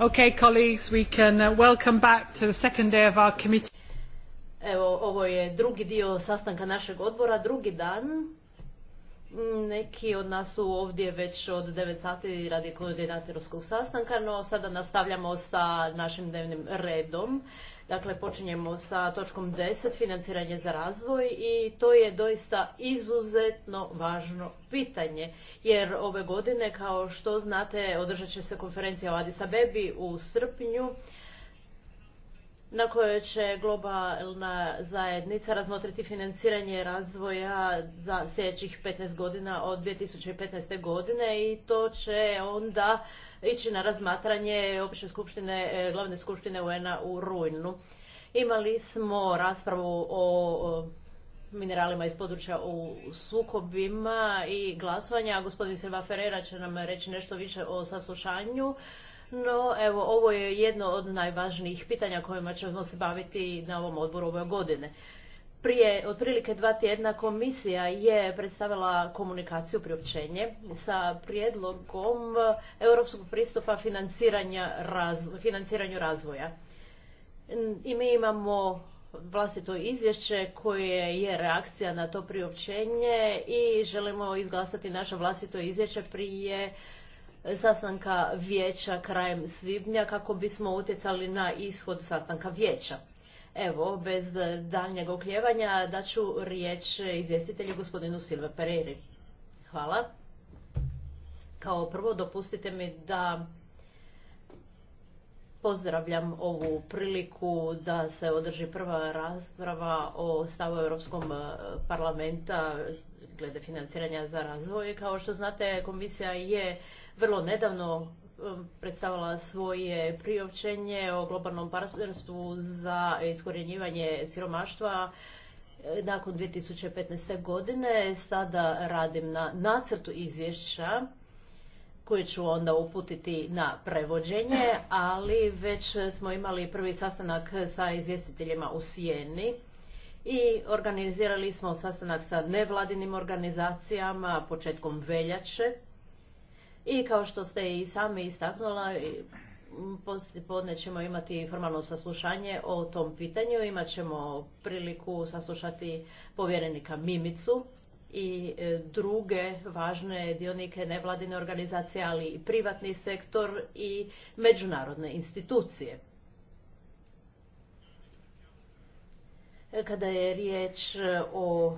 Okay, colleagues, we can uh, welcome back to the second day of our committee. Evo, ovo je drugi dio sastanka našeg odbora, drugi dan. Neki od nas su ovdje već od 9 sati radi koordinatorskog sastanka, no sada nastavljamo sa našim dnevnim redom. Dakle, počinjemo sa točkom 10, financiranje za razvoj i to je doista izuzetno važno pitanje, jer ove godine, kao što znate, održat će se konferencija o Adisa bebi u srpnju, na kojoj će globalna zajednica razmotriti financiranje razvoja za sljedećih 15 godina od 2015. godine i to će onda ići na razmatranje opće skupštine, e, glavne skupštine UN-a u rujnu. Imali smo raspravu o mineralima iz područja u sukobima i glasovanja. Gospodin Silva Ferreira će nam reći nešto više o saslušanju. No, evo, ovo je jedno od najvažnijih pitanja kojima ćemo se baviti na ovom odboru ove godine. Prije otprilike dva tjedna komisija je predstavila komunikaciju priopćenje sa prijedlogom europskog pristupa financiranju razvoja. I mi imamo vlastito izvješće koje je reakcija na to priopćenje i želimo izglasati naše vlastito izvješće prije sastanka vijeća krajem svibnja kako bismo utjecali na ishod sastanka vijeća. Evo, bez daljnjeg okljevanja daću riječ izvjestitelju gospodinu Silve Pereri. Hvala. Kao prvo dopustite mi da pozdravljam ovu priliku da se održi prva rasprava o stavu Europskog e, parlamenta glede financiranja za razvoj. Kao što znate, komisija je vrlo nedavno um, predstavila svoje priopćenje o globalnom partnerstvu za iskorjenjivanje siromaštva eh, nakon 2015. godine. Sada radim na nacrtu izvješća koje ću onda uputiti na prevođenje, ali već smo imali prvi sastanak sa izvjestiteljima u Sijeni i organizirali smo sastanak sa nevladinim organizacijama početkom veljače i kao što ste i sami istaknula, mm, poslije podne ćemo imati formalno saslušanje o tom pitanju. Imaćemo priliku saslušati povjerenika Mimicu i e, druge važne dionike nevladine organizacije, ali i privatni sektor i međunarodne institucije. E, kada je riječ e, o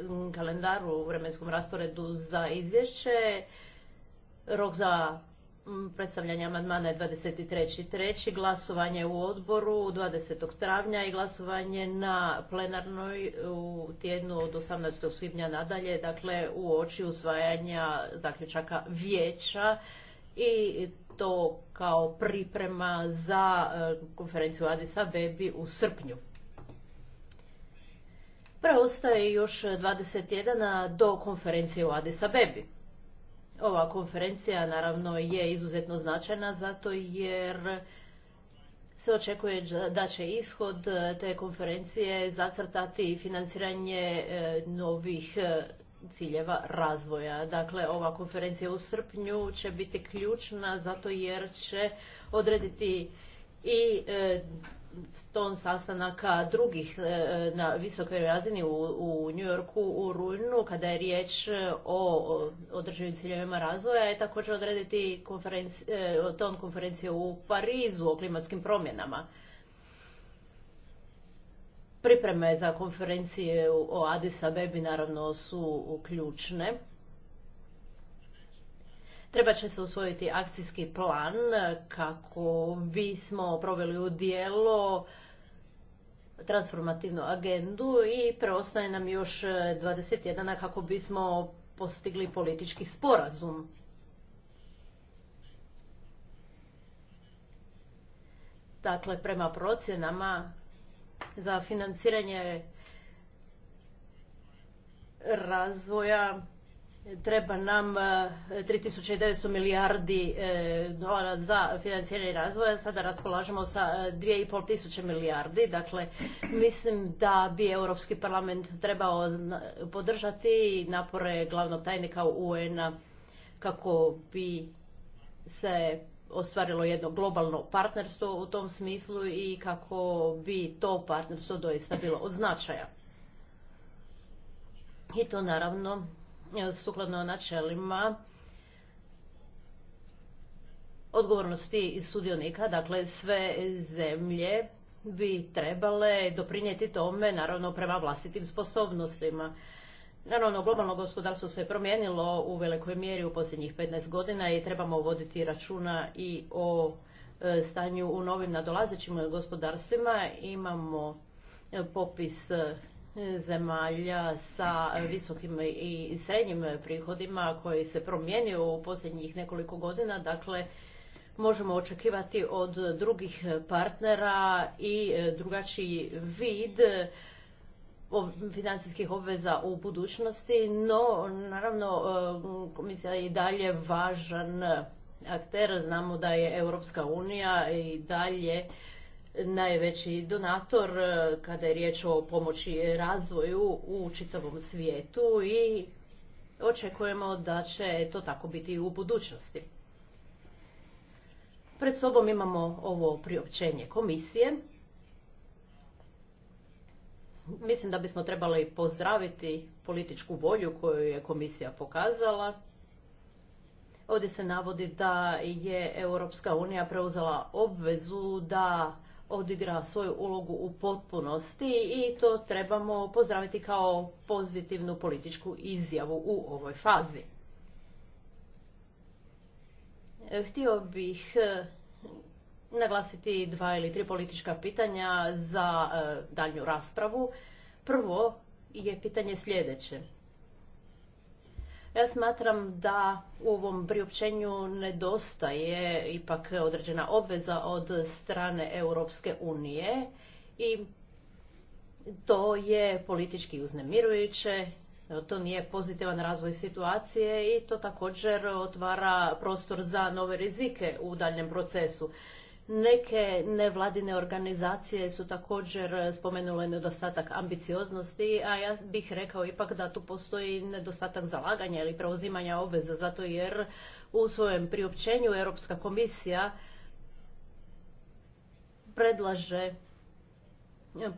mm, kalendaru, u vremenskom rasporedu za izvješće, Rok za mm, predstavljanje amandmana je 23.3. Glasovanje u odboru 20. travnja i glasovanje na plenarnoj u tjednu od 18. svibnja nadalje, dakle u oči usvajanja zaključaka vijeća i to kao priprema za e, konferenciju Adisa Bebi u srpnju. Preostaje još 21 do konferencije u Adisa Bebi. Ova konferencija naravno je izuzetno značajna zato jer se očekuje da će ishod e, te konferencije zacrtati financiranje e, novih e, ciljeva razvoja. Dakle, ova konferencija u srpnju će biti ključna zato jer će odrediti i ton sastanaka drugih e, na visokoj razini u, u New Yorku u rujnu kada je riječ e, o održivim ciljevima razvoja je također odrediti e, ton konferencije u Parizu o klimatskim promjenama. Pripreme za konferencije o Addis Abebi naravno su ključne Treba će se usvojiti akcijski plan e, kako bismo proveli u dijelo transformativnu agendu i preostaje nam još 21 e, kako bismo postigli politički sporazum. Dakle, prema procjenama za financiranje razvoja treba nam 3900 e, milijardi e, dolara za financiranje razvoja, sada raspolažemo sa e, tisuće milijardi, dakle mislim da bi Europski parlament trebao podržati napore glavnog tajnika UN-a kako bi se ostvarilo jedno globalno partnerstvo u tom smislu i kako bi to partnerstvo doista bilo od značaja. I to naravno sukladno načelima odgovornosti i sudionika, dakle sve zemlje bi trebale doprinijeti tome, naravno prema vlastitim sposobnostima. Naravno, globalno gospodarstvo se je promijenilo u velikoj mjeri u posljednjih 15 godina i trebamo voditi računa i o e, stanju u novim nadolazećim gospodarstvima. Imamo popis zemalja sa visokim i srednjim prihodima koji se promijenio u posljednjih nekoliko godina. Dakle, možemo očekivati od drugih partnera i drugačiji vid financijskih obveza u budućnosti, no naravno komisija je i dalje važan akter. Znamo da je Europska unija i dalje najveći donator e, kada je riječ o pomoći razvoju u čitavom svijetu i očekujemo da će to tako biti i u budućnosti. Pred sobom imamo ovo priopćenje komisije. Mislim da bismo trebali pozdraviti političku volju koju je komisija pokazala. Ovdje se navodi da je Europska unija preuzela obvezu da odigra svoju ulogu u potpunosti i to trebamo pozdraviti kao pozitivnu političku izjavu u ovoj fazi. Htio bih e, naglasiti dva ili tri politička pitanja za e, daljnju raspravu. Prvo je pitanje sljedeće. Ja smatram da u ovom priopćenju nedostaje ipak određena obveza od strane Europske unije i to je politički uznemirujuće, to nije pozitivan razvoj situacije i to također otvara prostor za nove rizike u daljem procesu. Neke nevladine organizacije su također spomenule nedostatak ambicioznosti, a ja bih rekao ipak da tu postoji nedostatak zalaganja ili preuzimanja obveza, zato jer u svojem priopćenju Europska komisija predlaže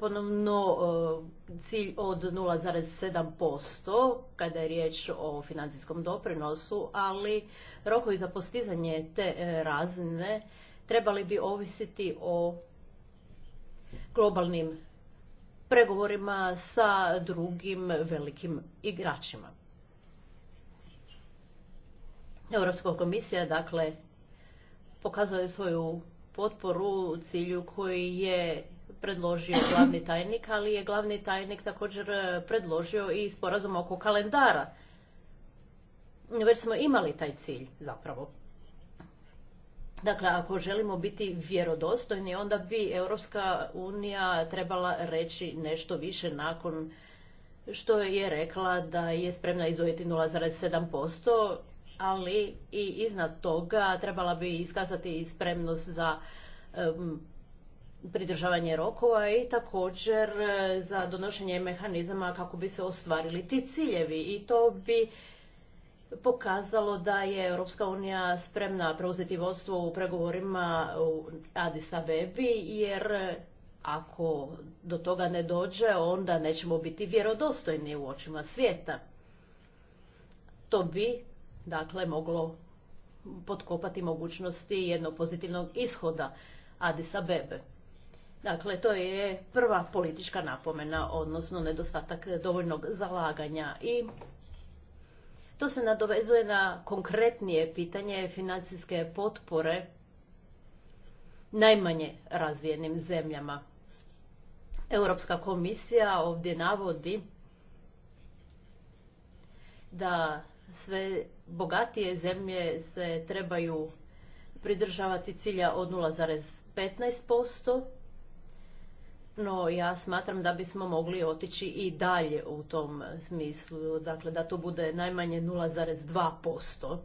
ponovno e, cilj od 0,7% kada je riječ o financijskom doprinosu, ali rokovi za postizanje te e, razine trebali bi ovisiti o globalnim pregovorima sa drugim velikim igračima. Europska komisija dakle pokazuje svoju potporu cilju koji je predložio glavni tajnik, ali je glavni tajnik također predložio i sporazum oko kalendara. Već smo imali taj cilj zapravo. Dakle, ako želimo biti vjerodostojni, onda bi Europska unija trebala reći nešto više nakon što je rekla da je spremna izvojiti 0,7%, ali i iznad toga trebala bi iskazati spremnost za pridržavanje rokova i također za donošenje mehanizama kako bi se ostvarili ti ciljevi i to bi pokazalo da je Europska unija spremna preuzeti vodstvo u pregovorima u Addis Abebi, jer ako do toga ne dođe, onda nećemo biti vjerodostojni u očima svijeta. To bi, dakle, moglo potkopati mogućnosti jednog pozitivnog ishoda Addis Abebe. Dakle, to je prva politička napomena, odnosno nedostatak dovoljnog zalaganja i to se nadovezuje na konkretnije pitanje financijske potpore najmanje razvijenim zemljama. Europska komisija ovdje navodi da sve bogatije zemlje se trebaju pridržavati cilja od 0,15%, no ja smatram da bismo mogli otići i dalje u tom smislu, dakle da to bude najmanje 0,2%.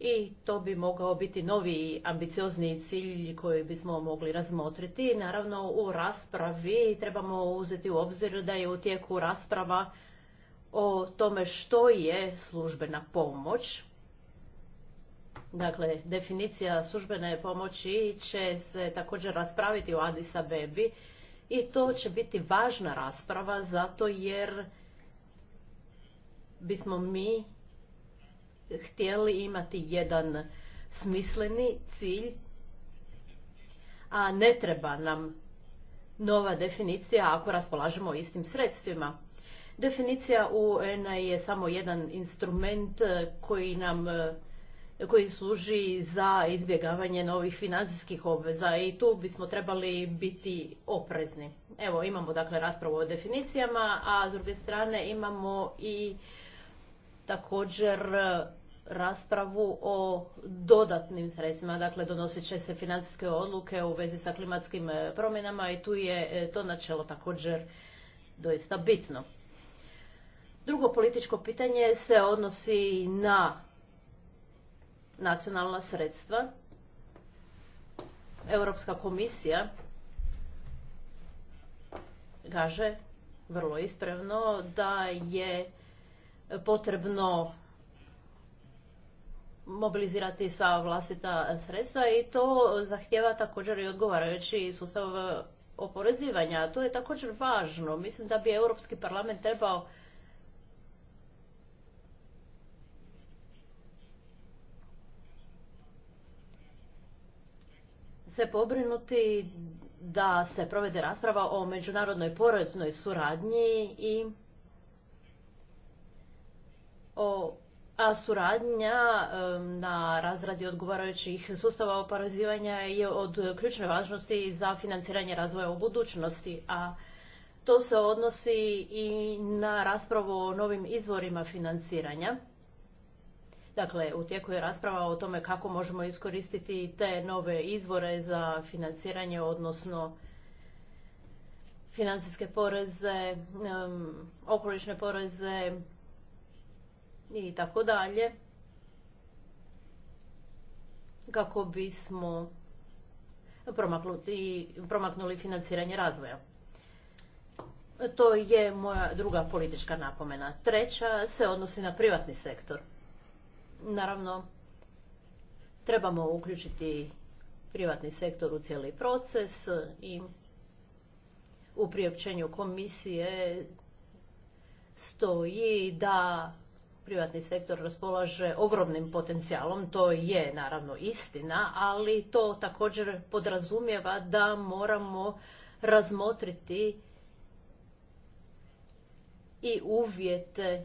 I to bi mogao biti novi ambiciozni cilj koji bismo mogli razmotriti. Naravno u raspravi trebamo uzeti u obzir da je u tijeku rasprava o tome što je službena pomoć Dakle, definicija službene pomoći će se također raspraviti u Addis Abebi i to će biti važna rasprava zato jer bismo mi htjeli imati jedan smisleni cilj, a ne treba nam nova definicija ako raspolažemo istim sredstvima. Definicija UN-a je samo jedan instrument koji nam koji služi za izbjegavanje novih financijskih obveza i tu bismo trebali biti oprezni. Evo, imamo dakle raspravu o definicijama, a s druge strane imamo i također raspravu o dodatnim sredstvima, dakle donosit će se financijske odluke u vezi sa klimatskim e, promjenama i tu je e, to načelo također doista bitno. Drugo političko pitanje se odnosi na nacionalna sredstva. Europska komisija kaže vrlo ispravno da je potrebno mobilizirati sva vlastita sredstva i to zahtjeva također i odgovarajući sustav oporezivanja. To je također važno. Mislim da bi Europski parlament trebao se pobrinuti da se provede rasprava o međunarodnoj poreznoj suradnji i o a suradnja na razradi odgovarajućih sustava oporezivanja je od ključne važnosti za financiranje razvoja u budućnosti, a to se odnosi i na raspravu o novim izvorima financiranja Dakle, u tijeku je rasprava o tome kako možemo iskoristiti te nove izvore za financiranje, odnosno financijske poreze, um, okolišne poreze i tako dalje, kako bismo promaknuli financiranje razvoja. To je moja druga politička napomena. Treća se odnosi na privatni sektor. Naravno, trebamo uključiti privatni sektor u cijeli proces i u priopćenju komisije stoji da privatni sektor raspolaže ogromnim potencijalom, to je naravno istina, ali to također podrazumijeva da moramo razmotriti i uvjete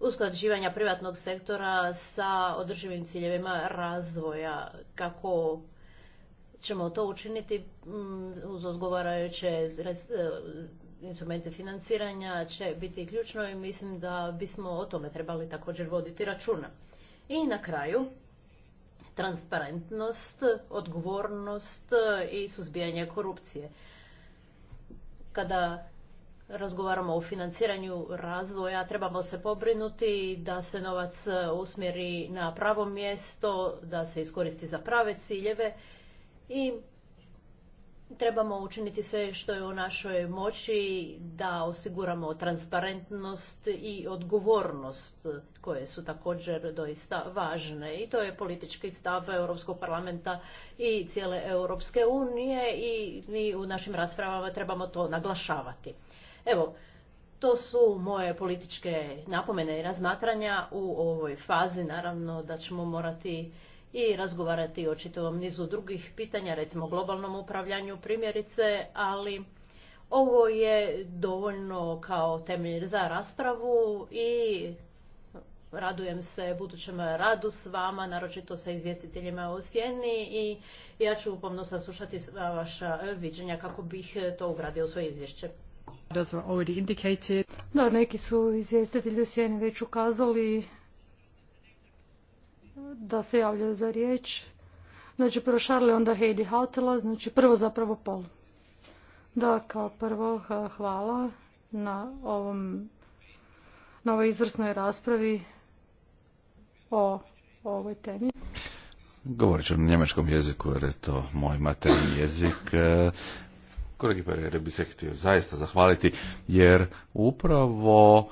usklađivanja privatnog sektora sa održivim ciljevima razvoja. Kako ćemo to učiniti mm, uz odgovarajuće e, instrumente financiranja će biti ključno i mislim da bismo o tome trebali također voditi računa. I na kraju, transparentnost, odgovornost i suzbijanje korupcije. Kada razgovaramo o financiranju razvoja, trebamo se pobrinuti da se novac e, usmjeri na pravo mjesto, da se iskoristi za prave ciljeve i trebamo učiniti sve što je u našoj moći da osiguramo transparentnost i odgovornost koje su također doista važne i to je politički stav Europskog parlamenta i cijele Europske unije i mi u našim raspravama trebamo to naglašavati. Evo, to su moje političke napomene i razmatranja u ovoj fazi. Naravno da ćemo morati i razgovarati o čitavom nizu drugih pitanja, recimo globalnom upravljanju primjerice, ali ovo je dovoljno kao temelj za raspravu i radujem se budućem radu s vama, naročito sa izvjestiteljima o Sjeni i ja ću upomno saslušati vaša viđenja kako bih to ugradio u svoje izvješće. Da, neki su izvjestitelji u sjeni već ukazali da se javljaju za riječ. Znači, prvo Šarle, onda Heidi Hautela, znači prvo zapravo Pol. Da, kao prvo hvala na ovom na ovoj izvrsnoj raspravi o, ovoj temi. Govorit ću na njemačkom jeziku jer je to moj materni jezik. Kolegi Pereira bi se htio zaista zahvaliti jer upravo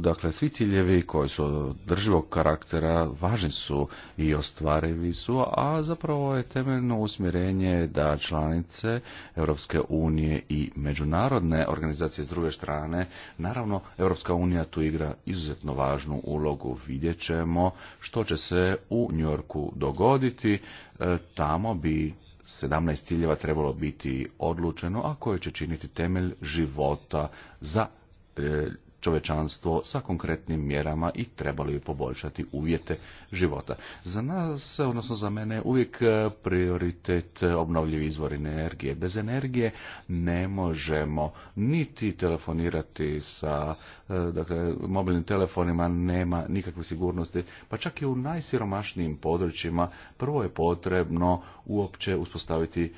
dakle svi ciljevi koji su drživog karaktera važni su i ostvarivi su, a zapravo je temeljno usmjerenje da članice Europske unije i međunarodne organizacije s druge strane, naravno Europska unija tu igra izuzetno važnu ulogu. Vidjet ćemo što će se u Njorku dogoditi, e, tamo bi 17 ciljeva trebalo biti odlučeno, a koje će činiti temelj života za e, čovečanstvo sa konkretnim mjerama i trebali bi poboljšati uvjete života. Za nas, odnosno za mene, uvijek e, prioritet e, obnovljivi izvori energije. Bez energije ne možemo niti telefonirati sa e, dakle, mobilnim telefonima, nema nikakve sigurnosti, pa čak i u najsiromašnijim područjima prvo je potrebno uopće uspostaviti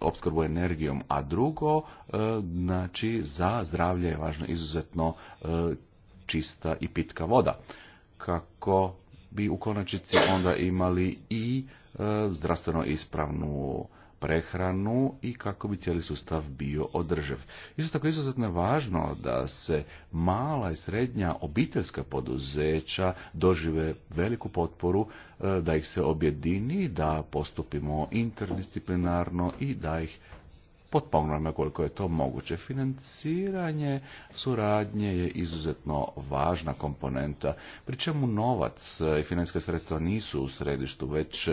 opskrbu energijom, a drugo E, znači za zdravlje je važno izuzetno e, čista i pitka voda. Kako bi u konačnici onda imali i e, zdravstveno ispravnu prehranu i kako bi cijeli sustav bio održiv. Isto tako izuzetno je važno da se mala i srednja obiteljska poduzeća dožive veliku potporu, da ih se objedini, da postupimo interdisciplinarno i da ih na koliko je to moguće. Financiranje suradnje je izuzetno važna komponenta, pri čemu novac i financijska sredstva nisu u središtu, već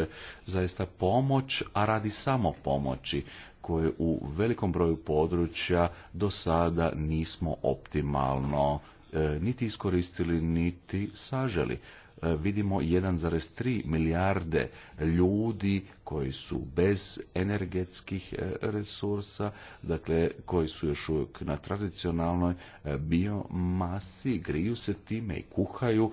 zaista pomoć, a radi samo pomoći koje u velikom broju područja do sada nismo optimalno e, niti iskoristili, niti saželi. E, vidimo 1,3 milijarde ljudi koji su bez energetskih e, resursa, dakle koji su još uvijek na tradicionalnoj e, biomasi, griju se time i kuhaju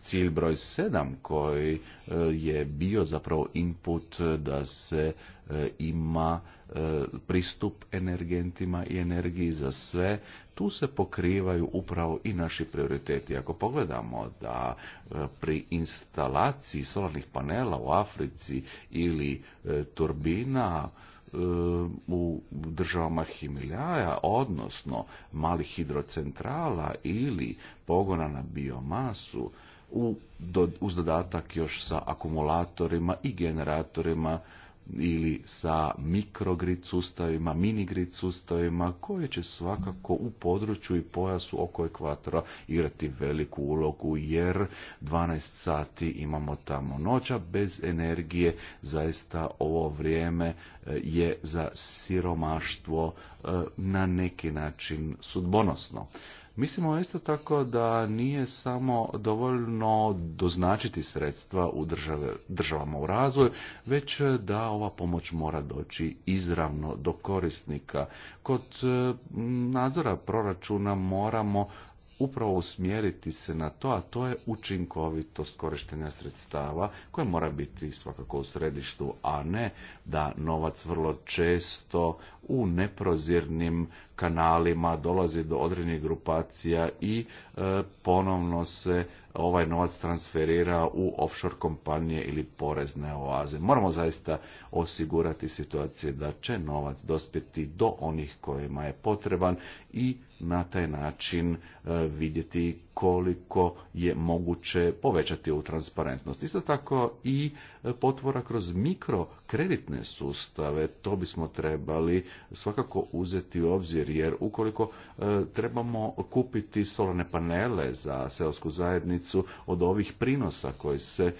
cilj broj 7 koji e, je bio zapravo input da se e, ima e, pristup energentima i energiji za sve, tu se pokrivaju upravo i naši prioriteti. Ako pogledamo da pri instalaciji solarnih panela u Africi ili turbina u državama Himiljaja, odnosno malih hidrocentrala ili pogona na biomasu, u, do, uz dodatak još sa akumulatorima i generatorima ili sa mikrogrid sustavima, minigrid sustavima, koje će svakako u području i pojasu oko ekvatora igrati veliku ulogu, jer 12 sati imamo tamo noća bez energije, zaista ovo vrijeme e, je za siromaštvo e, na neki način sudbonosno. Mislimo isto tako da nije samo dovoljno doznačiti sredstva u državama u razvoju, već da ova pomoć mora doći izravno do korisnika. Kod e, nadzora proračuna moramo upravo usmjeriti se na to, a to je učinkovitost korištenja sredstava koje mora biti svakako u središtu, a ne da novac vrlo često u neprozirnim kanalima dolazi do određenih grupacija i e, ponovno se ovaj novac transferira u offshore kompanije ili porezne oaze. Moramo zaista osigurati situacije da će novac dospjeti do onih kojima je potreban i na taj način e, vidjeti koliko je moguće povećati ovu transparentnost. Isto tako i potvora kroz mikrokreditne sustave, to bismo trebali svakako uzeti u obzir, jer ukoliko e, trebamo kupiti solarne panele za seosku zajednicu od ovih prinosa koji se e,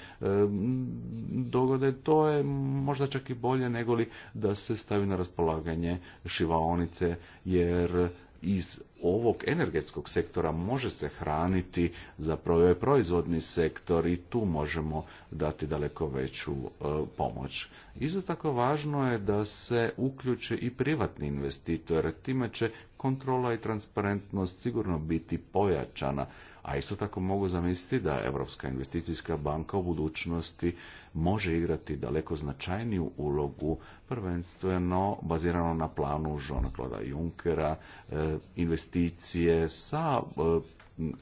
dogode, to je možda čak i bolje nego li da se stavi na raspolaganje šivaonice, jer iz ovog energetskog sektora može se hraniti zapravo proizvodni sektor i tu možemo dati daleko veću e, pomoć. Isto tako važno je da se uključe i privatni investitori, time će kontrola i transparentnost sigurno biti pojačana a isto tako mogu zamisliti da Europska investicijska banka u budućnosti može igrati daleko značajniju ulogu, prvenstveno bazirano na planu Žona Kloda Junkera, e, investicije sa e,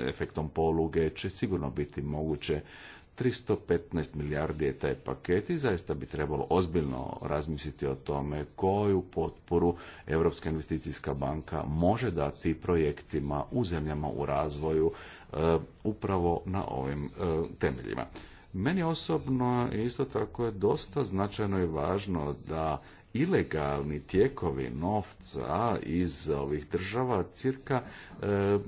efektom poluge će sigurno biti moguće 315 milijardi je taj paket i zaista bi trebalo ozbiljno razmisliti o tome koju potporu Europska investicijska banka može dati projektima u zemljama u razvoju E, upravo na ovim e, temeljima. Meni osobno isto tako je dosta značajno i važno da ilegalni tijekovi novca iz ovih država, cirka 100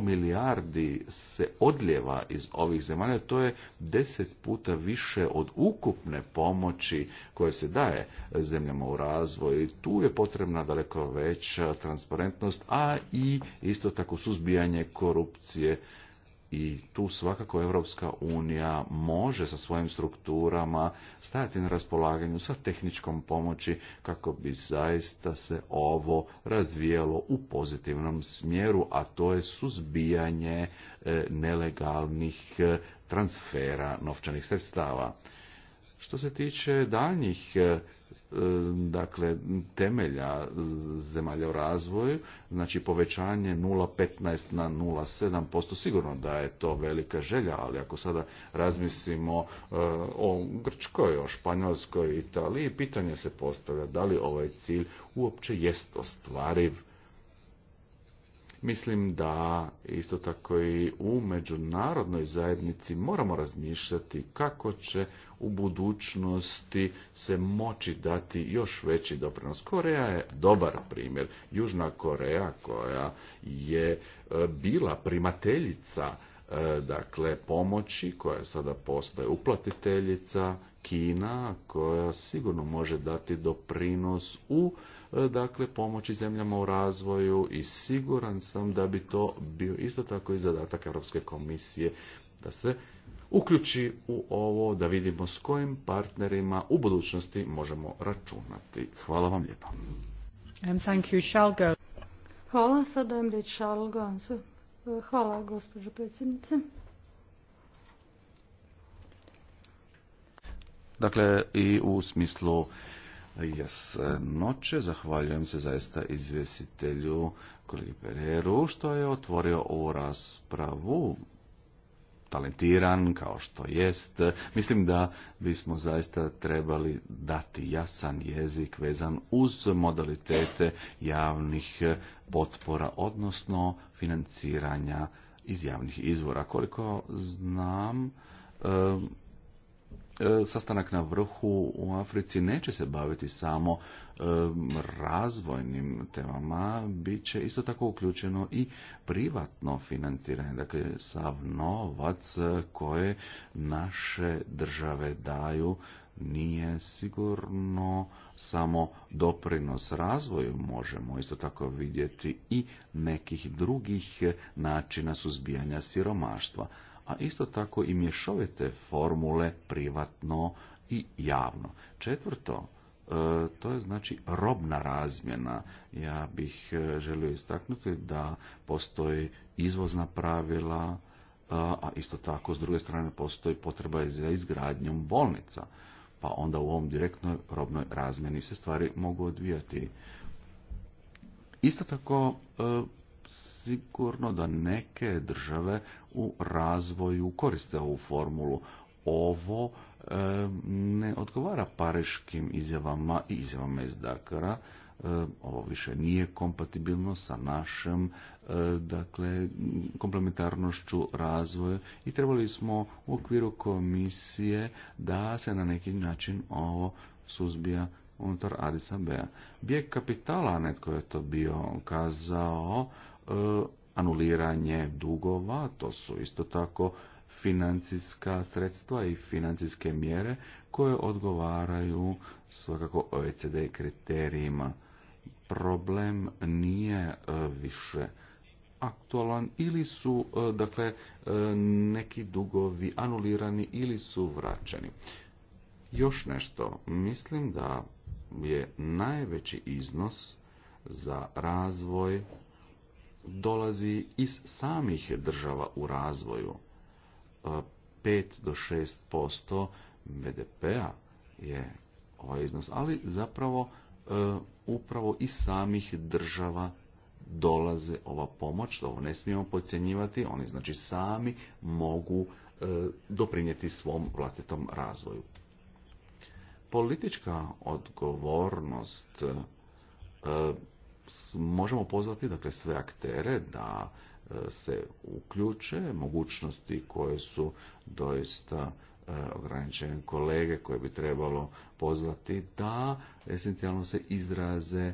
e, milijardi se odljeva iz ovih zemalja, to je deset puta više od ukupne pomoći koje se daje zemljama u razvoju. Tu je potrebna daleko veća transparentnost, a i isto tako suzbijanje korupcije i tu svakako Europska unija može sa svojim strukturama stajati na raspolaganju sa tehničkom pomoći kako bi zaista se ovo razvijalo u pozitivnom smjeru, a to je suzbijanje e, nelegalnih e, transfera novčanih sredstava. Što se tiče daljnjih e, E, dakle temelja zemalja u razvoju, znači povećanje 0,15 na 0,7%, sigurno da je to velika želja, ali ako sada razmislimo e, o Grčkoj, o Španjolskoj, Italiji, pitanje se postavlja da li ovaj cilj uopće jest ostvariv Mislim da isto tako i u međunarodnoj zajednici moramo razmišljati kako će u budućnosti se moći dati još veći doprinos. Koreja je dobar primjer. Južna Koreja koja je e, bila primateljica e, dakle pomoći koja sada postaje uplatiteljica Kina koja sigurno može dati doprinos u E, dakle pomoći zemljama u razvoju i siguran sam da bi to bio isto tako i zadatak Europske komisije da se uključi u ovo, da vidimo s kojim partnerima u budućnosti možemo računati. Hvala vam lijepa. thank you, Hvala, e, Hvala, gospođo predsjednice. Dakle, i u smislu jasnoće. Zahvaljujem se zaista izvjestitelju kolegi Pereru što je otvorio ovu raspravu talentiran kao što jest. Mislim da bismo zaista trebali dati jasan jezik vezan uz modalitete javnih potpora, odnosno financiranja iz javnih izvora. Koliko znam, E, sastanak na vrhu u Africi neće se baviti samo e, razvojnim temama, bit će isto tako uključeno i privatno financiranje, dakle sav novac koje naše države daju nije sigurno samo doprinos razvoju možemo isto tako vidjeti i nekih drugih načina suzbijanja siromaštva a isto tako i mješovite formule privatno i javno. Četvrto, e, to je znači robna razmjena. Ja bih e, želio istaknuti da postoji izvozna pravila, e, a isto tako s druge strane postoji potreba za izgradnjom bolnica. Pa onda u ovom direktnoj robnoj razmjeni se stvari mogu odvijati. Isto tako sigurno da neke države u razvoju koriste ovu formulu. Ovo ne odgovara pariškim izjavama i izjavama iz Dakara. ovo više nije kompatibilno sa našem dakle komplementarnošću razvoja i trebali smo u okviru komisije da se na neki način ovo suzbija unutar Adisa B. Bijeg kapitala, netko je to bio kazao, e, anuliranje dugova, to su isto tako financijska sredstva i financijske mjere koje odgovaraju svakako OECD kriterijima. Problem nije e, više aktualan ili su e, dakle neki dugovi anulirani ili su vraćeni. Još nešto, mislim da je najveći iznos za razvoj dolazi iz samih država u razvoju. 5 e, do 6% BDP-a je ovaj iznos, ali zapravo e, upravo iz samih država dolaze ova pomoć, ovo ne smijemo podcjenjivati, oni znači sami mogu e, doprinijeti svom vlastitom razvoju politička odgovornost e, možemo pozvati dakle sve aktere da e, se uključe mogućnosti koje su doista e, ograničene kolege koje bi trebalo pozvati da esencijalno se izraze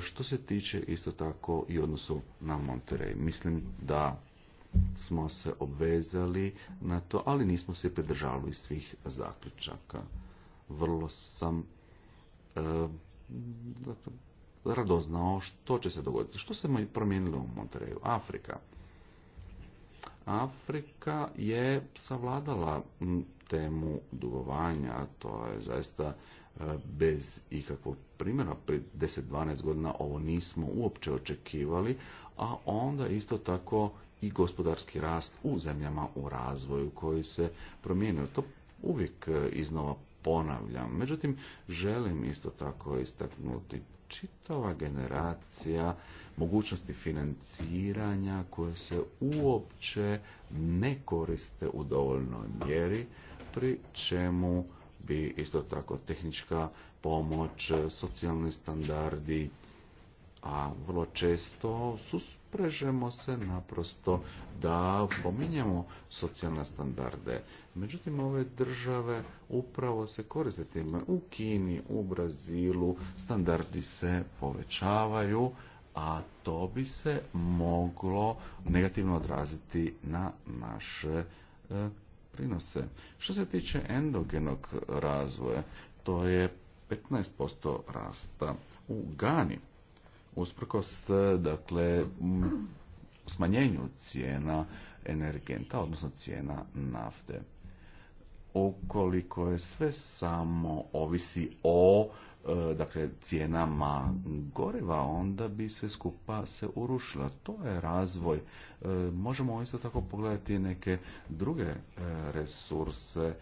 što se tiče isto tako i odnosu na Monterey. Mislim da smo se obvezali na to, ali nismo se pridržavali svih zaključaka vrlo sam e, radoznao što će se dogoditi. Što se promijenilo u Montereju? Afrika. Afrika je savladala temu dugovanja, to je zaista e, bez ikakvog primjera, pri 10-12 godina ovo nismo uopće očekivali, a onda isto tako i gospodarski rast u zemljama u razvoju koji se promijenio. To uvijek e, iznova ponavljam. Međutim, želim isto tako istaknuti čitava generacija mogućnosti financiranja koje se uopće ne koriste u dovoljnoj mjeri, pri čemu bi isto tako tehnička pomoć, socijalni standardi, a vrlo često susprežemo se naprosto da pominjemo socijalne standarde. Međutim, ove države upravo se koriste time. U Kini, u Brazilu standardi se povećavaju, a to bi se moglo negativno odraziti na naše e, prinose. Što se tiče endogenog razvoja, to je 15% rasta u Gani usprkos e, dakle smanjenju cijena energenta, odnosno cijena nafte. Ukoliko je sve samo ovisi o E, dakle cijenama goreva onda bi sve skupa se urušila. To je razvoj. E, možemo isto tako pogledati neke druge e, resurse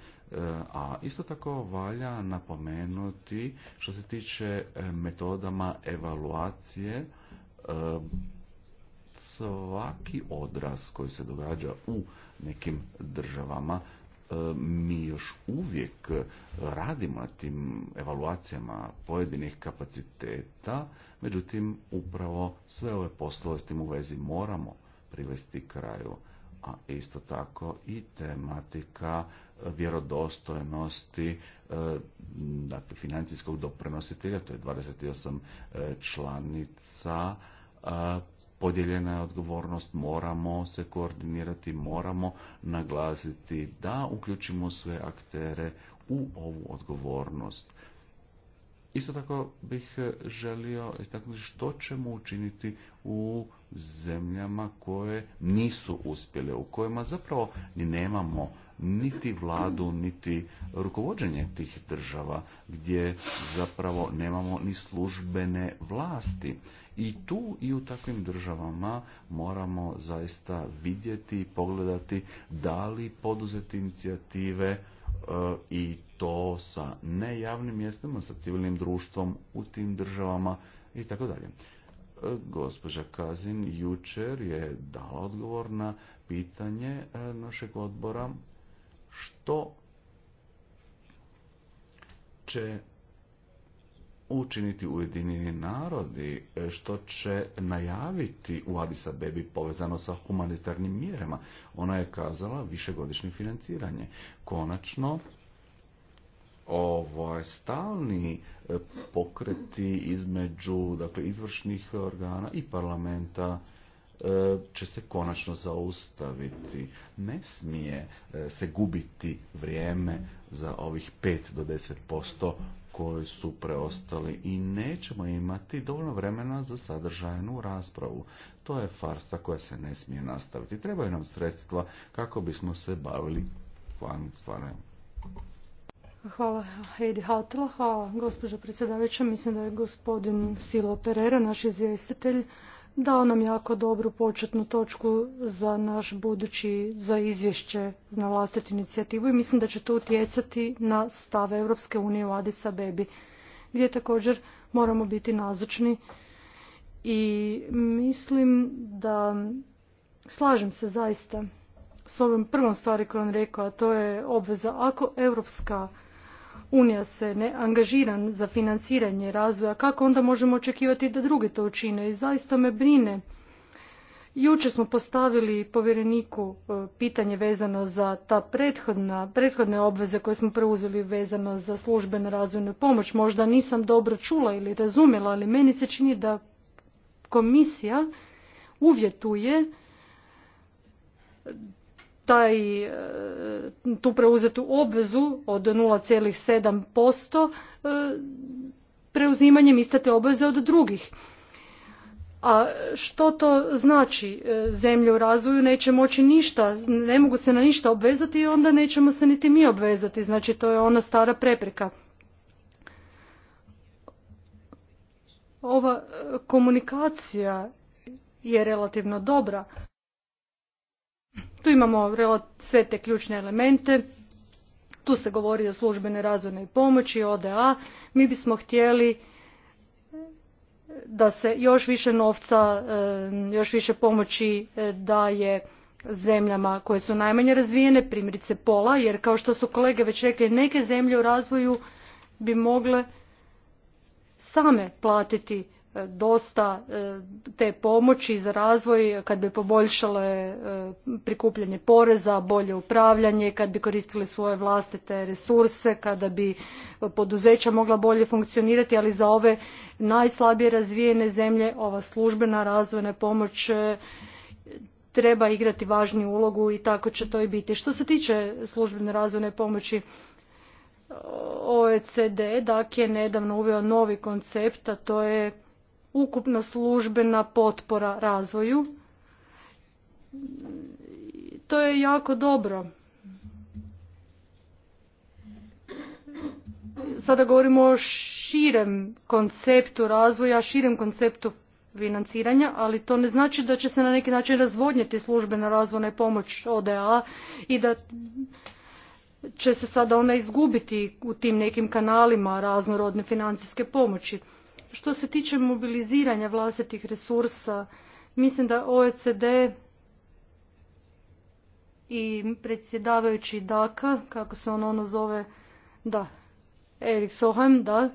a isto tako valja napomenuti što se tiče metodama evaluacije svaki odraz koji se događa u nekim državama E, mi još uvijek radimo na tim evaluacijama pojedinih kapaciteta, međutim upravo sve ove poslove s tim u vezi moramo privesti kraju. A isto tako i tematika vjerodostojnosti e, dakle, financijskog doprenositelja, to je 28 e, članica podijeljena je odgovornost, moramo se koordinirati, moramo naglasiti da uključimo sve aktere u ovu odgovornost. Isto tako bih e, želio istaknuti što ćemo učiniti u zemljama koje nisu uspjele, u kojima zapravo ni nemamo niti vladu, niti rukovođenje tih država, gdje zapravo nemamo ni službene vlasti i tu i u takvim državama moramo zaista vidjeti i pogledati da li poduzeti inicijative e, i to sa nejavnim mjestima, sa civilnim društvom u tim državama i tako dalje. E, gospođa Kazin jučer je dala odgovor na pitanje e, našeg odbora što će učiniti Ujedinjeni narodi, e, što će najaviti u Addis Abebi povezano sa humanitarnim mjerama. Ona je kazala višegodišnje financiranje. Konačno, ovaj stalni e, pokreti između dakle izvršnih organa i parlamenta e, će se konačno zaustaviti. Ne smije se gubiti vrijeme za ovih 5 do 10% koji su preostali i nećemo imati dovoljno vremena za sadržajnu raspravu. To je farsa koja se ne smije nastaviti. Trebaju nam sredstva kako bismo se bavili stvarnim stvarima. Hvala Heidi Hautala, hvala gospođo predsjedavajuća. Mislim da je gospodin Silo Perera, naš izvjestitelj, dao nam jako dobru početnu točku za naš budući za izvješće na vlastitu inicijativu i mislim da će to utjecati na stave Europske unije u Addis Abebi gdje također moramo biti nazočni i mislim da slažem se zaista s ovom prvom stvari koju on rekao, a to je obveza ako Europska unija se ne angažira za financiranje razvoja, kako onda možemo očekivati da drugi to učine? I zaista me brine. Jučer smo postavili povjereniku e, pitanje vezano za ta prethodna, prethodne obveze koje smo preuzeli vezano za službenu razvojnu pomoć. Možda nisam dobro čula ili razumjela, ali meni se čini da komisija uvjetuje taj, e, tu preuzetu obvezu od 0,7% e, preuzimanjem iste te obveze od drugih. A što to znači? E, zemlje u razvoju neće moći ništa, ne mogu se na ništa obvezati i onda nećemo se niti mi obvezati. Znači to je ona stara prepreka. Ova komunikacija je relativno dobra. Tu imamo sve te ključne elemente. Tu se govori o službenoj razvojnoj pomoći, ODA. Mi bismo htjeli e, da se još više novca, e, još više pomoći e, daje zemljama koje su najmanje razvijene, primjerice pola, jer kao što su kolege već rekli, neke zemlje u razvoju bi mogle same platiti dosta te pomoći za razvoj kad bi poboljšale prikupljanje poreza, bolje upravljanje, kad bi koristili svoje vlastite resurse, kada bi poduzeća mogla bolje funkcionirati, ali za ove najslabije razvijene zemlje ova službena razvojna pomoć treba igrati važniju ulogu i tako će to i biti. Što se tiče službene razvojne pomoći, OECD, dakle, je nedavno uveo novi koncept, a to je ukupna službena potpora razvoju. To je jako dobro. Sada govorimo o širem konceptu razvoja, širem konceptu financiranja, ali to ne znači da će se na neki način razvodnjeti službena razvojna pomoć ODA i da će se sada ona izgubiti u tim nekim kanalima raznorodne financijske pomoći. Što se tiče mobiliziranja vlastitih resursa, mislim da OECD i predsjedavajući DAKA, kako se on ono zove, da, Erik Soham, da,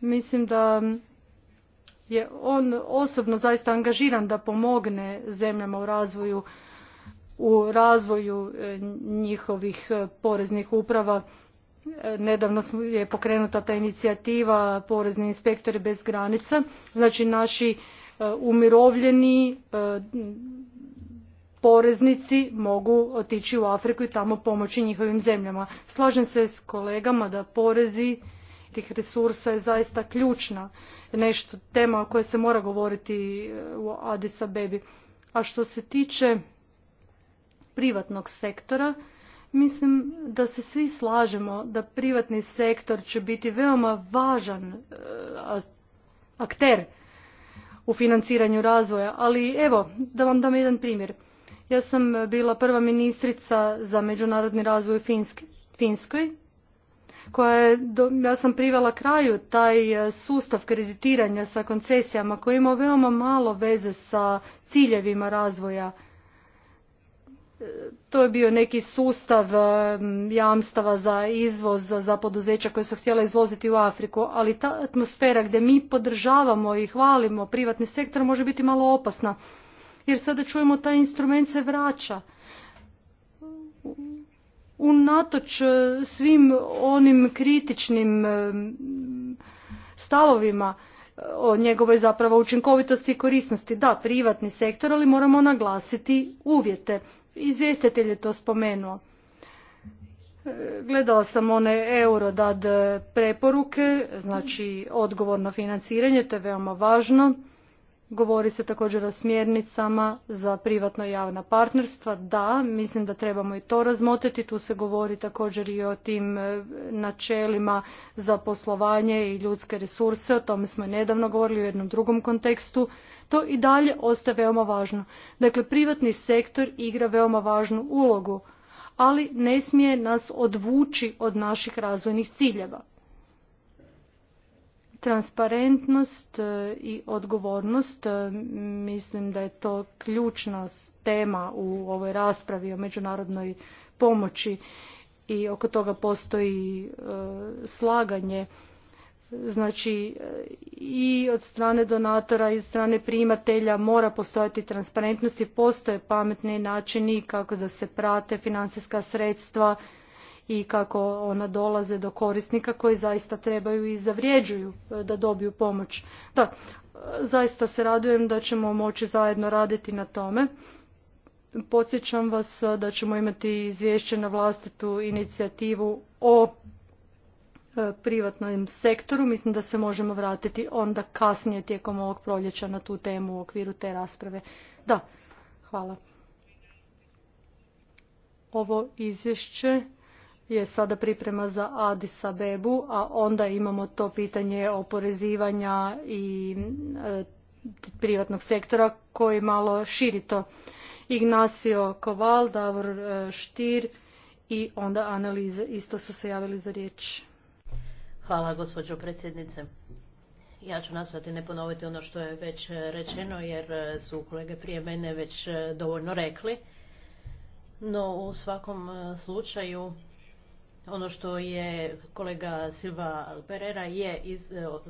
mislim da je on osobno zaista angažiran da pomogne zemljama u razvoju u razvoju e, njihovih e, poreznih uprava nedavno je pokrenuta ta inicijativa porezni inspektori bez granica znači naši e, umirovljeni e, poreznici mogu otići u Afriku i tamo pomoći njihovim zemljama. Slažem se s kolegama da porezi tih resursa je zaista ključna nešto tema o kojoj se mora govoriti e, u Addis Abebi. A što se tiče privatnog sektora, Mislim da se svi slažemo da privatni sektor će biti veoma važan e, akter u financiranju razvoja, ali evo da vam dam jedan primjer. Ja sam bila prva ministrica za međunarodni razvoj u Finskoj, koja je, ja sam privela kraju taj e, sustav kreditiranja sa koncesijama koji ima veoma malo veze sa ciljevima razvoja to je bio neki sustav jamstava za izvoz za poduzeća koje su htjela izvoziti u Afriku, ali ta atmosfera gdje mi podržavamo i hvalimo privatni sektor može biti malo opasna, jer sada čujemo taj instrument se vraća. Unatoč e, svim onim kritičnim stavovima, o njegovoj zapravo učinkovitosti i korisnosti. Da, privatni sektor, ali moramo naglasiti uvjete. Izvjestitelj je to spomenuo. E, gledala sam one Eurodad e, preporuke, znači odgovorno financiranje, to je veoma važno. Govori se također o smjernicama za privatno javna partnerstva. Da, mislim da trebamo i to razmotriti. Tu se govori također i o tim e, načelima za poslovanje i ljudske resurse. O tome smo i nedavno govorili u jednom drugom kontekstu to i dalje ostaje veoma važno. Dakle, privatni sektor igra veoma važnu ulogu, ali ne smije nas odvući od naših razvojnih ciljeva. Transparentnost e, i odgovornost, e, mislim da je to ključna tema u ovoj raspravi o međunarodnoj pomoći i oko toga postoji e, slaganje znači i od strane donatora i od strane primatelja mora postojati transparentnost i postoje pametni načini kako da se prate financijska sredstva i kako ona dolaze do korisnika koji zaista trebaju i zavrijeđuju e, da dobiju pomoć. Da, e, zaista se radujem da ćemo moći zajedno raditi na tome. Podsjećam vas da ćemo imati izvješće na vlastitu inicijativu o E, privatnom sektoru. Mislim da se možemo vratiti onda kasnije tijekom ovog proljeća na tu temu u okviru te rasprave. Da, hvala. Ovo izvješće je sada priprema za Addis Abebu, a onda imamo to pitanje oporezivanja i e, privatnog sektora koji malo širi to. Ignacio Koval, Davor e, Štir i onda analize. Isto su se javili za riječ. Hvala gospođo predsjednice. Ja ću nastojati ne ponoviti ono što je već rečeno jer su kolege prije mene već dovoljno rekli. No u svakom slučaju ono što je kolega Silva Perera je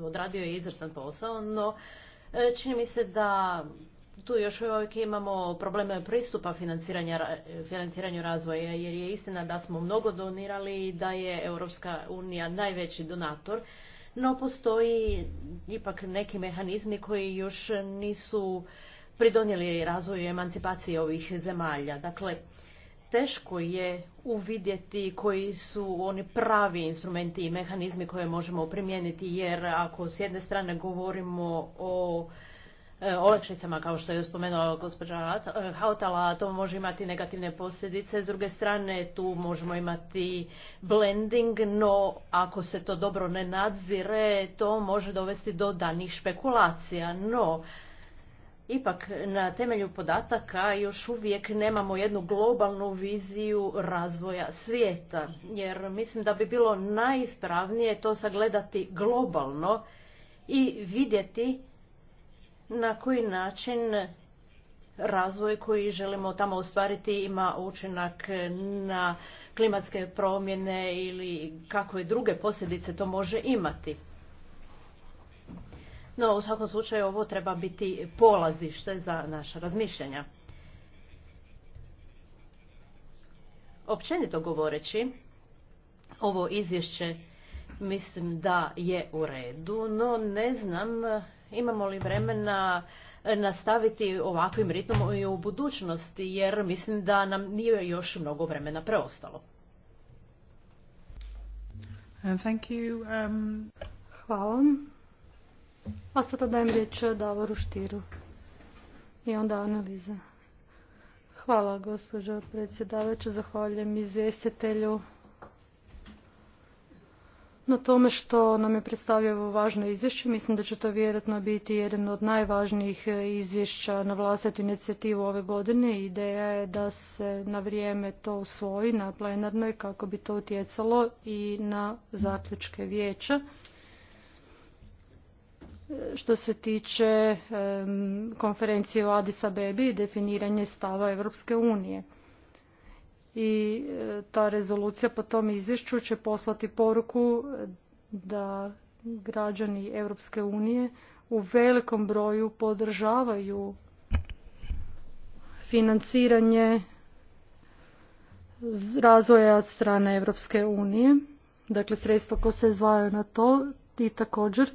odradio je izvrstan posao, no čini mi se da tu još uvijek imamo probleme pristupa financiranju razvoja, jer je istina da smo mnogo donirali i da je Europska unija najveći donator, no postoji ipak neki mehanizmi koji još nisu pridonijeli razvoju i emancipaciji ovih zemalja. Dakle, teško je uvidjeti koji su oni pravi instrumenti i mehanizmi koje možemo primijeniti, jer ako s jedne strane govorimo o E, olakšicama kao što je spomenula gospođa e, Hautala, to može imati negativne posljedice. S druge strane, tu možemo imati blending, no ako se to dobro ne nadzire, to može dovesti do danih špekulacija. No, Ipak, na temelju podataka još uvijek nemamo jednu globalnu viziju razvoja svijeta, jer mislim da bi bilo najispravnije to sagledati globalno i vidjeti na koji način razvoj koji želimo tamo ostvariti ima učinak na klimatske promjene ili kakve druge posljedice to može imati. No, u svakom slučaju ovo treba biti polazište za naša razmišljanja. Općenito govoreći, ovo izvješće mislim da je u redu, no ne znam imamo li vremena e, nastaviti ovakvim ritmom i u budućnosti, jer mislim da nam nije još mnogo vremena preostalo. Uh, thank you. Um... Hvala. A sada dajem riječ Davoru Štiru i onda analiza. Hvala gospođo predsjedavajuća, zahvaljujem izvjestitelju na tome što nam je predstavio ovo važno izvješće. Mislim da će to vjerojatno biti jedan od najvažnijih e, izvješća na vlastitu inicijativu ove godine. Ideja je da se na vrijeme to usvoji na plenarnoj kako bi to utjecalo i na zaključke vijeća. E, što se tiče e, konferencije o Addis Abebi i definiranje stava Europske unije i e, ta rezolucija po tom izvješću će poslati poruku da građani Europske unije u velikom broju podržavaju financiranje razvoja od strane Europske unije, dakle sredstva koja se izvajaju na to i također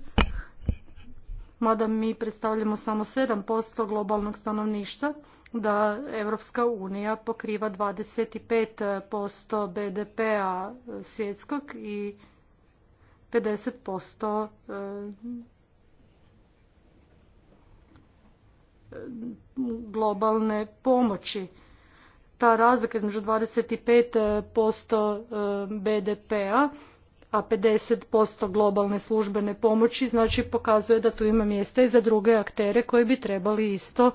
mada mi predstavljamo samo 7% globalnog stanovništva da Europska unija pokriva 25% BDP-a svjetskog i 50% e, globalne pomoći. Ta razlika između 25% e, BDP-a a 50% globalne službene pomoći znači pokazuje da tu ima mjesta i za druge aktere koji bi trebali isto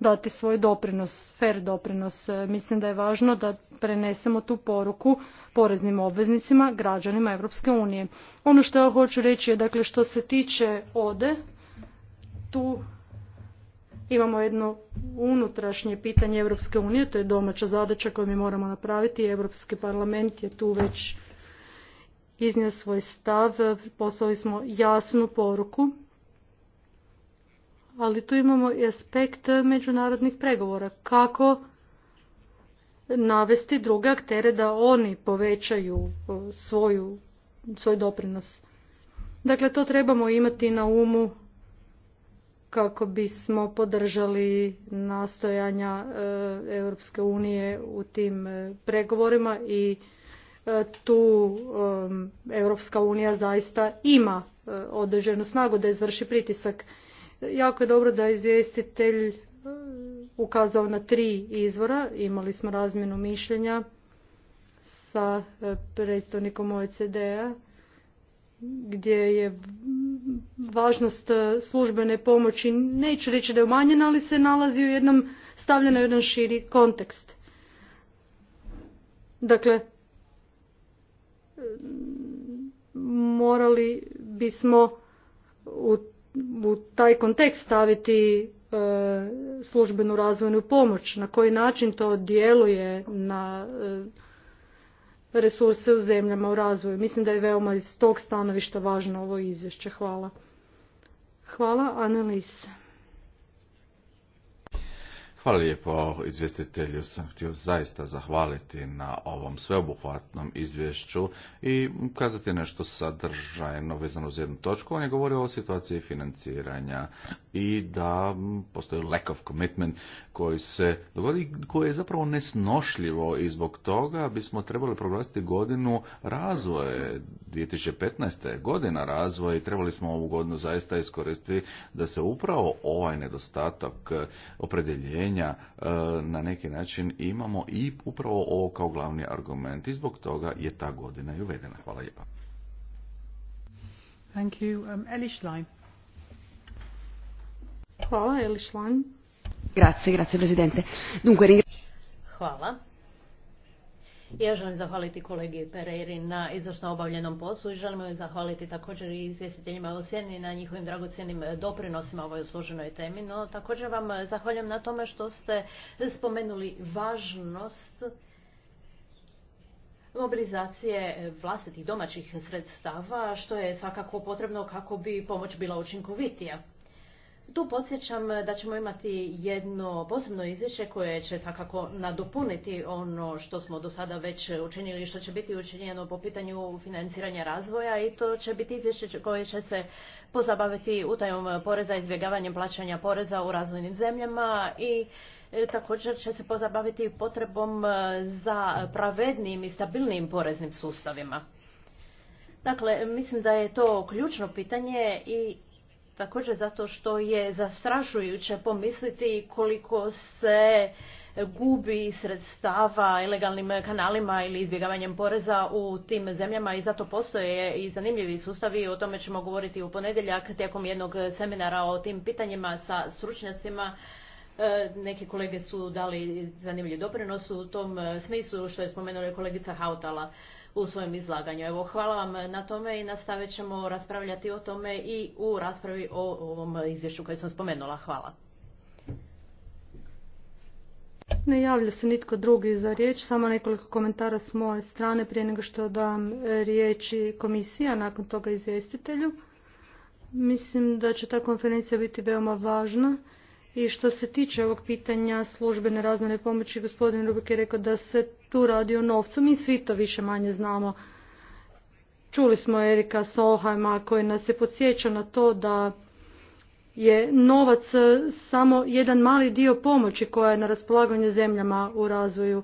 dati svoj doprinos, fer doprinos. E, mislim da je važno da prenesemo tu poruku poreznim obveznicima, građanima Europske unije. Ono što ja hoću reći je, dakle, što se tiče ode, tu imamo jedno unutrašnje pitanje Europske unije, to je domaća zadaća koju mi moramo napraviti. Europski parlament je tu već iznio svoj stav, poslali smo jasnu poruku ali tu imamo i aspekt e, međunarodnih pregovora. Kako navesti druge aktere da oni povećaju e, svoju, svoj doprinos. Dakle, to trebamo imati na umu kako bismo podržali nastojanja e, Europske unije u tim pregovorima i tu Europska unija zaista ima određenu snagu da izvrši pritisak Jako je dobro da je izvjestitelj e, ukazao na tri izvora. Imali smo razmjenu mišljenja sa e, predstavnikom OECD-a gdje je važnost e, službene pomoći, neću reći da je umanjena, ali se nalazi u jednom, stavljena u jedan širi kontekst. Dakle, morali bismo u u taj kontekst staviti e, službenu razvojnu pomoć, na koji način to djeluje na e, resurse u zemljama u razvoju. Mislim da je veoma iz tog stanovišta važno ovo izvješće. Hvala. Hvala, Annelise. Hvala lijepo izvjestitelju, sam htio zaista zahvaliti na ovom sveobuhvatnom izvješću i kazati nešto sadržajno vezano uz jednu točku. On je govorio o situaciji financiranja i da postoji lack of commitment koji se dogodi, koje je zapravo nesnošljivo i zbog toga bismo trebali proglasiti godinu razvoja 2015. godina razvoja i trebali smo ovu godinu zaista iskoristiti da se upravo ovaj nedostatak e, opredjeljenja e, na neki način imamo i upravo ovo kao glavni argument i zbog toga je ta godina i uvedena. Hvala lijepa. Thank you. Um, Hvala, Hvala. Ja želim zahvaliti kolegi Pereiri na izvrsno obavljenom poslu i želim joj zahvaliti također i izvjestiteljima u Sjeni na njihovim dragocjenim doprinosima ovoj složenoj temi, no također vam zahvaljujem na tome što ste spomenuli važnost mobilizacije vlastitih domaćih sredstava, što je svakako potrebno kako bi pomoć bila učinkovitija. Tu podsjećam da ćemo imati jedno posebno izvješće koje će svakako nadopuniti ono što smo do sada već učinili i što će biti učinjeno po pitanju financiranja razvoja i to će biti izvješće koje će se pozabaviti utajom poreza, izbjegavanjem plaćanja poreza u razvojnim zemljama i e, također će se pozabaviti potrebom e, za pravednim i stabilnim poreznim sustavima. Dakle, mislim da je to ključno pitanje i također zato što je zastrašujuće pomisliti koliko se gubi sredstava ilegalnim kanalima ili izbjegavanjem poreza u tim zemljama i zato postoje i zanimljivi sustavi. O tome ćemo govoriti u ponedjeljak tijekom jednog seminara o tim pitanjima sa stručnjacima. E, neki kolege su dali zanimljiv doprinos u tom smislu što je spomenula kolegica Hautala u svojem izlaganju. Evo, hvala vam na tome i nastavit ćemo raspravljati o tome i u raspravi o ovom izvješću koje sam spomenula. Hvala. Ne javlja se nitko drugi za riječ, samo nekoliko komentara s moje strane prije nego što dam riječi komisija, nakon toga izvjestitelju. Mislim da će ta konferencija biti veoma važna i što se tiče ovog pitanja službene razvojne pomoći, gospodin Rubik je rekao da se tu radi o novcu. Mi svi to više manje znamo. Čuli smo Erika Solheima koji nas je podsjeća na to da je novac samo jedan mali dio pomoći koja je na raspolaganju zemljama u razvoju.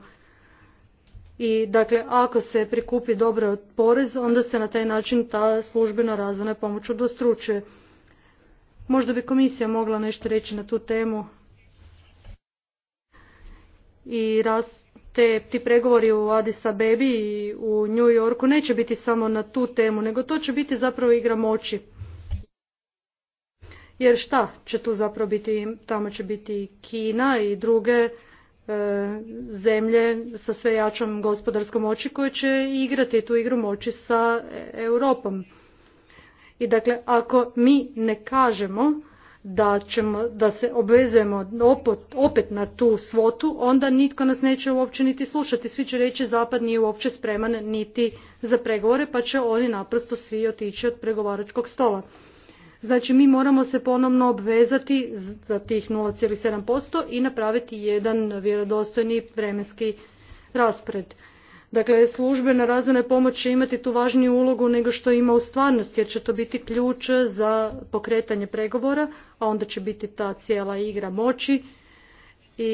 I dakle, ako se prikupi dobro porez, onda se na taj način ta službena razvojna pomoć udostručuje. Možda bi komisija mogla nešto reći na tu temu. I raz, te, ti pregovori u Addis Abebi i u New Yorku neće biti samo na tu temu, nego to će biti zapravo igra moći. Jer šta će tu zapravo biti, tamo će biti Kina i druge e, zemlje sa sve jačom gospodarskom moći koje će igrati tu igru moći sa Europom. I dakle, ako mi ne kažemo da, ćemo, da se obvezujemo opet, opet na tu svotu, onda nitko nas neće uopće niti slušati. Svi će reći zapad nije uopće spreman niti za pregovore, pa će oni naprosto svi otići od pregovaračkog stola. Znači mi moramo se ponovno obvezati za tih 0,7% i napraviti jedan vjerodostojni vremenski raspored. Dakle, službena razvojna pomoć će imati tu važniju ulogu nego što ima u stvarnosti, jer će to biti ključ za pokretanje pregovora, a onda će biti ta cijela igra moći. I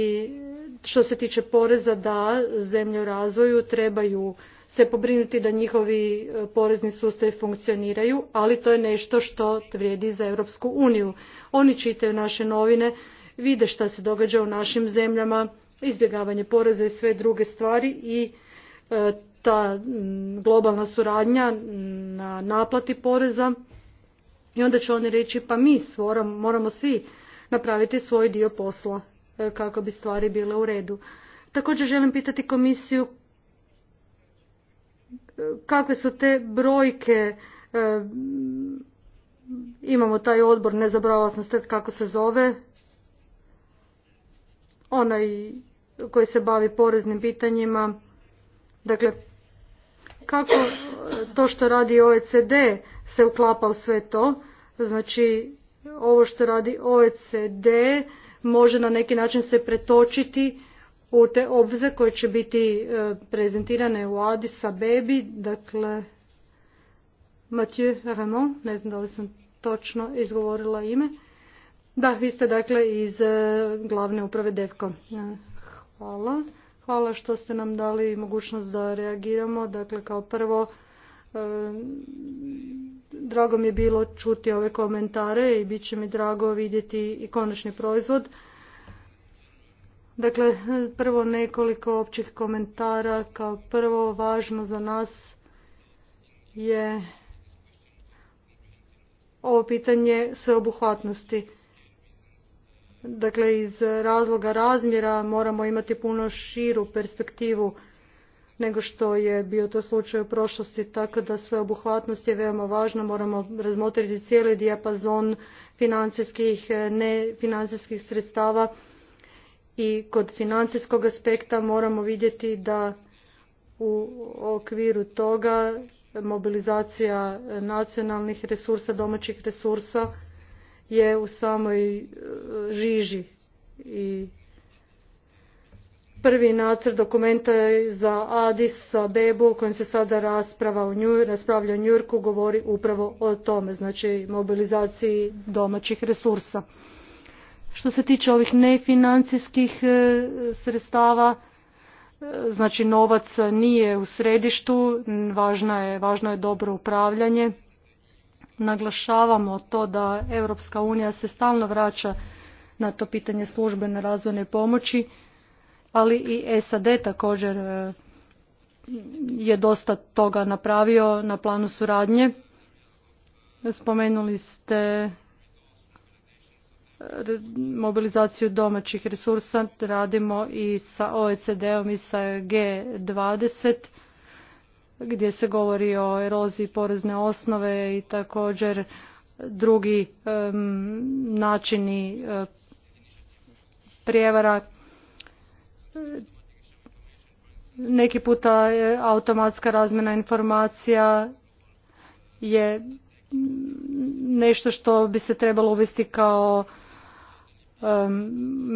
što se tiče poreza, da zemlje u razvoju trebaju se pobrinuti da njihovi e, porezni sustavi funkcioniraju, ali to je nešto što vrijedi za Europsku uniju. Oni čitaju naše novine, vide šta se događa u našim zemljama, izbjegavanje poreza i sve druge stvari i E, ta globalna suradnja na naplati poreza i onda će oni reći pa mi moramo, moramo svi napraviti svoj dio posla e, kako bi stvari bile u redu. Također želim pitati komisiju e, kakve su te brojke imamo taj odbor, ne zaboravila sam sad kako se zove, onaj koji se bavi poreznim pitanjima, Dakle, kako e, to što radi OECD se uklapa u sve to, znači ovo što radi OECD može na neki način se pretočiti u te obveze koje će biti e, prezentirane u Addis Abebi, dakle Mathieu Ramon, ne znam da li sam točno izgovorila ime. Da, vi ste dakle iz e, glavne uprave DEVKO. Hvala. Hvala što ste nam dali mogućnost da reagiramo. Dakle, kao prvo, e, drago mi je bilo čuti ove komentare i bit će mi drago vidjeti i konačni proizvod. Dakle, prvo nekoliko općih komentara. Kao prvo, važno za nas je ovo pitanje sveobuhvatnosti. Dakle, iz razloga razmjera moramo imati puno širu perspektivu nego što je bio to slučaj u prošlosti, tako da sveobuhvatnost je veoma važna. Moramo razmotriti cijeli dijapazon financijskih, nefinancijskih sredstava i kod financijskog aspekta moramo vidjeti da u okviru toga mobilizacija nacionalnih resursa, domaćih resursa je u samoj e, žiži i prvi nacrt dokumenta za adis Abebu o kojem se sada rasprava u nju, raspravlja u Njurku govori upravo o tome, znači mobilizaciji domaćih resursa. Što se tiče ovih nefinancijskih e, sredstava, e, znači novac nije u središtu, važno je dobro upravljanje naglašavamo to da Europska unija se stalno vraća na to pitanje službene razvojne pomoći, ali i SAD također e, je dosta toga napravio na planu suradnje. Spomenuli ste e, mobilizaciju domaćih resursa, radimo i sa OECD-om i sa G20 gdje se govori o eroziji porezne osnove i također drugi načini eh, prijevara neki puta je automatska razmjena informacija je nešto što bi se trebalo uvesti kao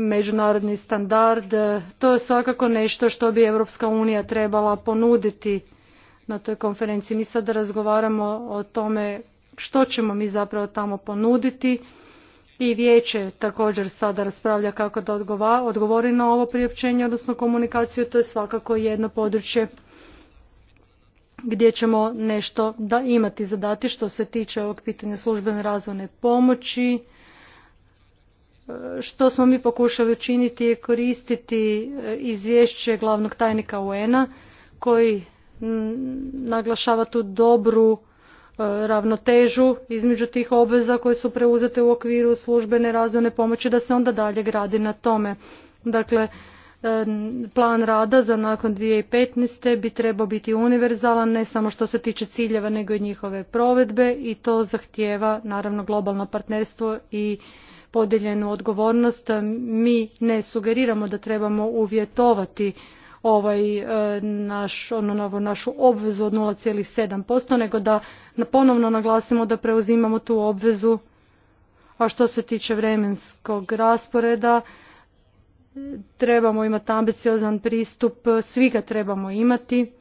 međunarodni standard to je svakako nešto što bi europska unija trebala ponuditi na toj konferenciji. Mi sada razgovaramo o tome što ćemo mi zapravo tamo ponuditi i vijeće također sada raspravlja kako da odgovori na ovo priopćenje, odnosno komunikaciju. To je svakako jedno područje gdje ćemo nešto da imati zadati što se tiče ovog pitanja službene razvojne pomoći. E, što smo mi pokušali učiniti je koristiti e, izvješće glavnog tajnika UN-a koji naglašava tu dobru e, ravnotežu između tih obveza koje su preuzete u okviru službene razvojne pomoći da se onda dalje gradi na tome. Dakle, e, plan rada za nakon 2015. bi trebao biti univerzalan ne samo što se tiče ciljeva nego i njihove provedbe i to zahtijeva naravno globalno partnerstvo i podijeljenu odgovornost. Mi ne sugeriramo da trebamo uvjetovati ovaj e, naš, ono, našu obvezu od 0,7%, nego da ponovno naglasimo da preuzimamo tu obvezu. A što se tiče vremenskog rasporeda, trebamo imati ambiciozan pristup, svi ga trebamo imati.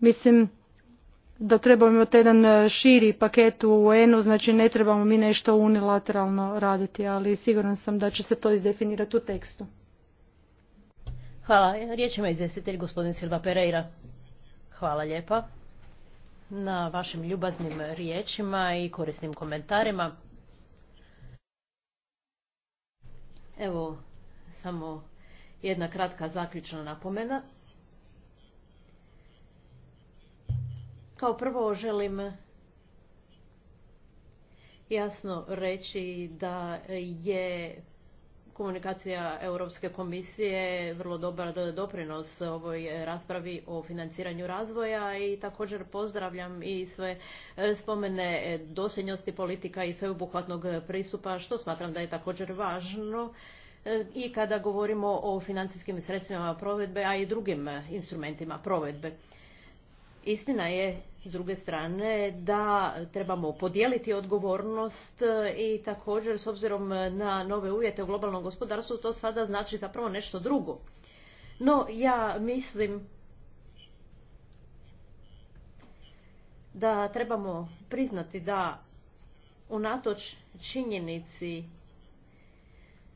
Mislim, da trebamo imati jedan e, širi paket u UN-u, znači ne trebamo mi nešto unilateralno raditi, ali siguran sam da će se to izdefinirati u tekstu. Hvala. Riječ ima izvjestitelj gospodin Silva Pereira. Hvala lijepa na vašim ljubaznim riječima i korisnim komentarima. Evo, samo jedna kratka zaključna napomena. Kao prvo želim jasno reći da je komunikacija Europske komisije vrlo dobar doprinos ovoj raspravi o financiranju razvoja i također pozdravljam i sve spomene dosljednosti politika i sveobuhvatnog pristupa što smatram da je također važno i kada govorimo o financijskim sredstvima provedbe, a i drugim instrumentima provedbe. Istina je s druge strane da trebamo podijeliti odgovornost e, i također s obzirom na nove uvjete u globalnom gospodarstvu to sada znači zapravo nešto drugo. No ja mislim da trebamo priznati da unatoč činjenici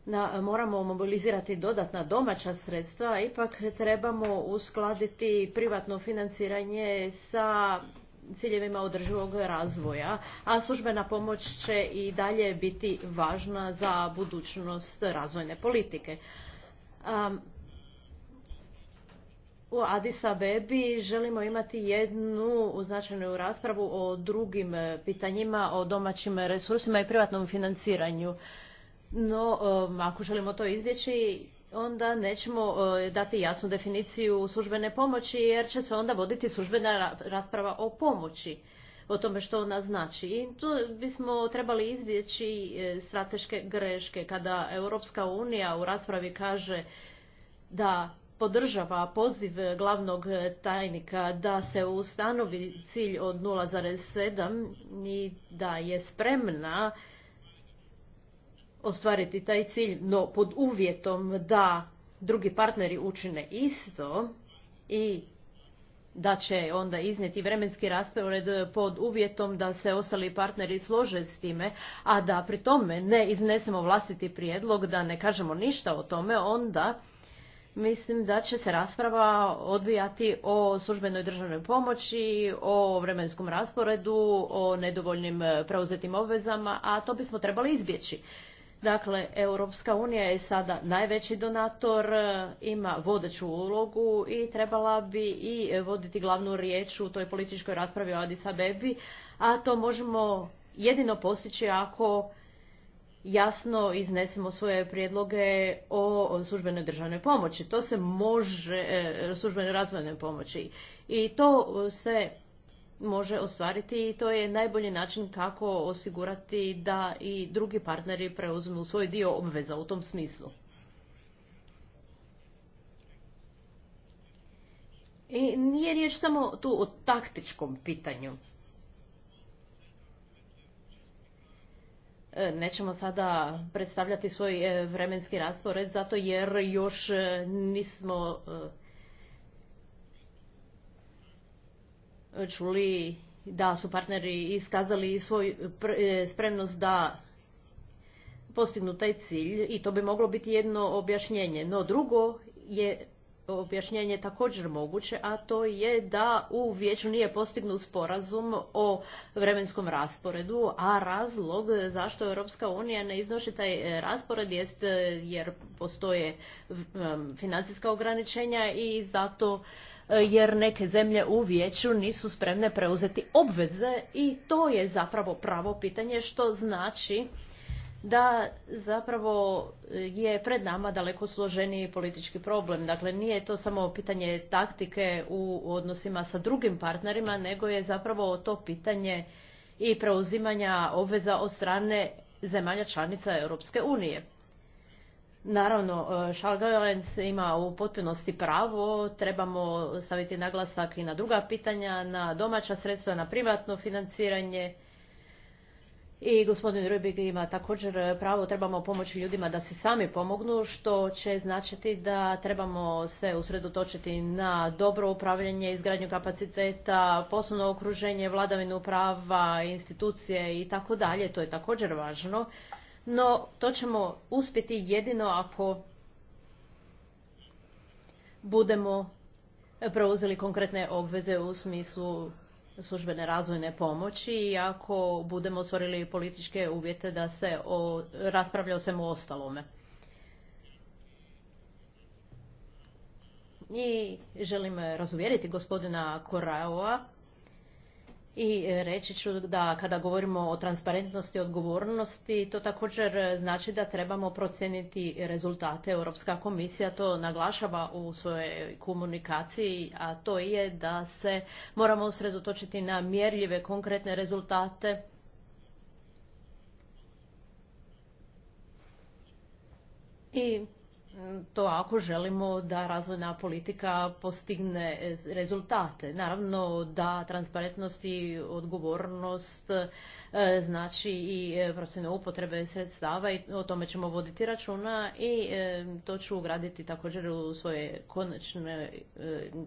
na, moramo mobilizirati dodatna domaća sredstva, ipak trebamo uskladiti privatno financiranje sa ciljevima održivog razvoja, a službena pomoć će i dalje biti važna za budućnost razvojne politike. u Addis Abebi želimo imati jednu značajnu raspravu o drugim pitanjima, o domaćim resursima i privatnom financiranju. No, um, ako želimo to izbjeći, onda nećemo uh, dati jasnu definiciju službene pomoći, jer će se onda voditi službena rasprava o pomoći, o tome što ona znači. I tu bismo trebali izbjeći e, strateške greške. Kada Europska unija u raspravi kaže da podržava poziv glavnog tajnika da se ustanovi cilj od 0,7 i da je spremna ostvariti taj cilj, no pod uvjetom da drugi partneri učine isto i da će onda iznijeti vremenski raspored pod uvjetom da se ostali partneri slože s time, a da pri tome ne iznesemo vlastiti prijedlog, da ne kažemo ništa o tome, onda mislim da će se rasprava odvijati o službenoj državnoj pomoći, o vremenskom rasporedu, o nedovoljnim preuzetim obvezama, a to bismo trebali izbjeći. Dakle, Europska unija je sada najveći donator, e, ima vodeću ulogu i trebala bi i voditi glavnu riječ u toj političkoj raspravi o adisa bebi a to možemo jedino postići ako jasno iznesemo svoje prijedloge o službenoj državnoj pomoći. To se može, e, službenoj razvojnoj pomoći. I to se može ostvariti i to je najbolji način kako osigurati da i drugi partneri preuzmu svoj dio obveza u tom smislu. I nije riječ samo tu o taktičkom pitanju. E, nećemo sada predstavljati svoj e, vremenski raspored zato jer još e, nismo čuli da su partneri iskazali svoju e, spremnost da postignu taj cilj i to bi moglo biti jedno objašnjenje. No drugo je objašnjenje također moguće, a to je da u vijeću nije postignut sporazum o vremenskom rasporedu, a razlog zašto Europska unija ne iznoši taj e, raspored jest e, jer postoje financijska ograničenja i zato jer neke zemlje u vijeću nisu spremne preuzeti obveze i to je zapravo pravo pitanje što znači da zapravo je pred nama daleko složeniji politički problem. Dakle, nije to samo pitanje taktike u odnosima sa drugim partnerima, nego je zapravo to pitanje i preuzimanja obveza od strane zemalja članica Europske unije. Naravno, Šalgajens e, ima u potpunosti pravo, trebamo staviti naglasak i na druga pitanja, na domaća sredstva, na privatno financiranje. I gospodin Rubik ima također pravo, trebamo pomoći ljudima da se sami pomognu, što će značiti da trebamo se usredotočiti na dobro upravljanje, izgradnju kapaciteta, poslovno okruženje, vladavinu prava, institucije i tako dalje. To je također važno no to ćemo uspjeti jedino ako budemo preuzeli konkretne obveze u smislu službene razvojne pomoći i ako budemo stvorili političke uvjete da se o, raspravlja o svemu ostalome. I želim razuvjeriti gospodina Koraoa i e, reći ću da kada govorimo o transparentnosti i odgovornosti, to također znači da trebamo procijeniti rezultate. Europska komisija to naglašava u svojoj komunikaciji, a to je da se moramo usredotočiti na mjerljive, konkretne rezultate i to ako želimo da razvojna politika postigne rezultate. Naravno da transparentnost i odgovornost e, znači i e, procjena upotrebe sredstava i o tome ćemo voditi računa i e, to ću ugraditi također u svoje konačne,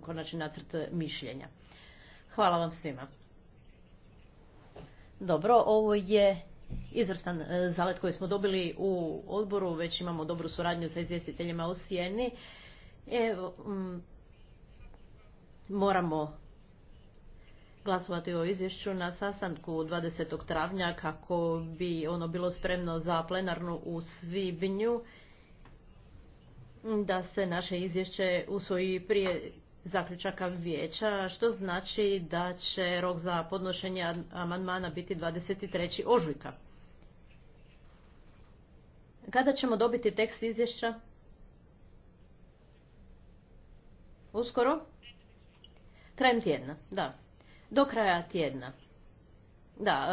konačni nacrt mišljenja. Hvala vam svima. Dobro, ovo je izvrstan e, zalet koji smo dobili u odboru, već imamo dobru suradnju sa izvjestiteljima u Sijeni. Evo, mm, moramo glasovati o izvješću na sastanku 20. travnja kako bi ono bilo spremno za plenarnu u svibnju da se naše izvješće usvoji prije zaključaka vijeća, što znači da će rok za podnošenje amandmana biti 23. ožujka. Kada ćemo dobiti tekst izvješća? Uskoro? Krajem tjedna, da. Do kraja tjedna. Da,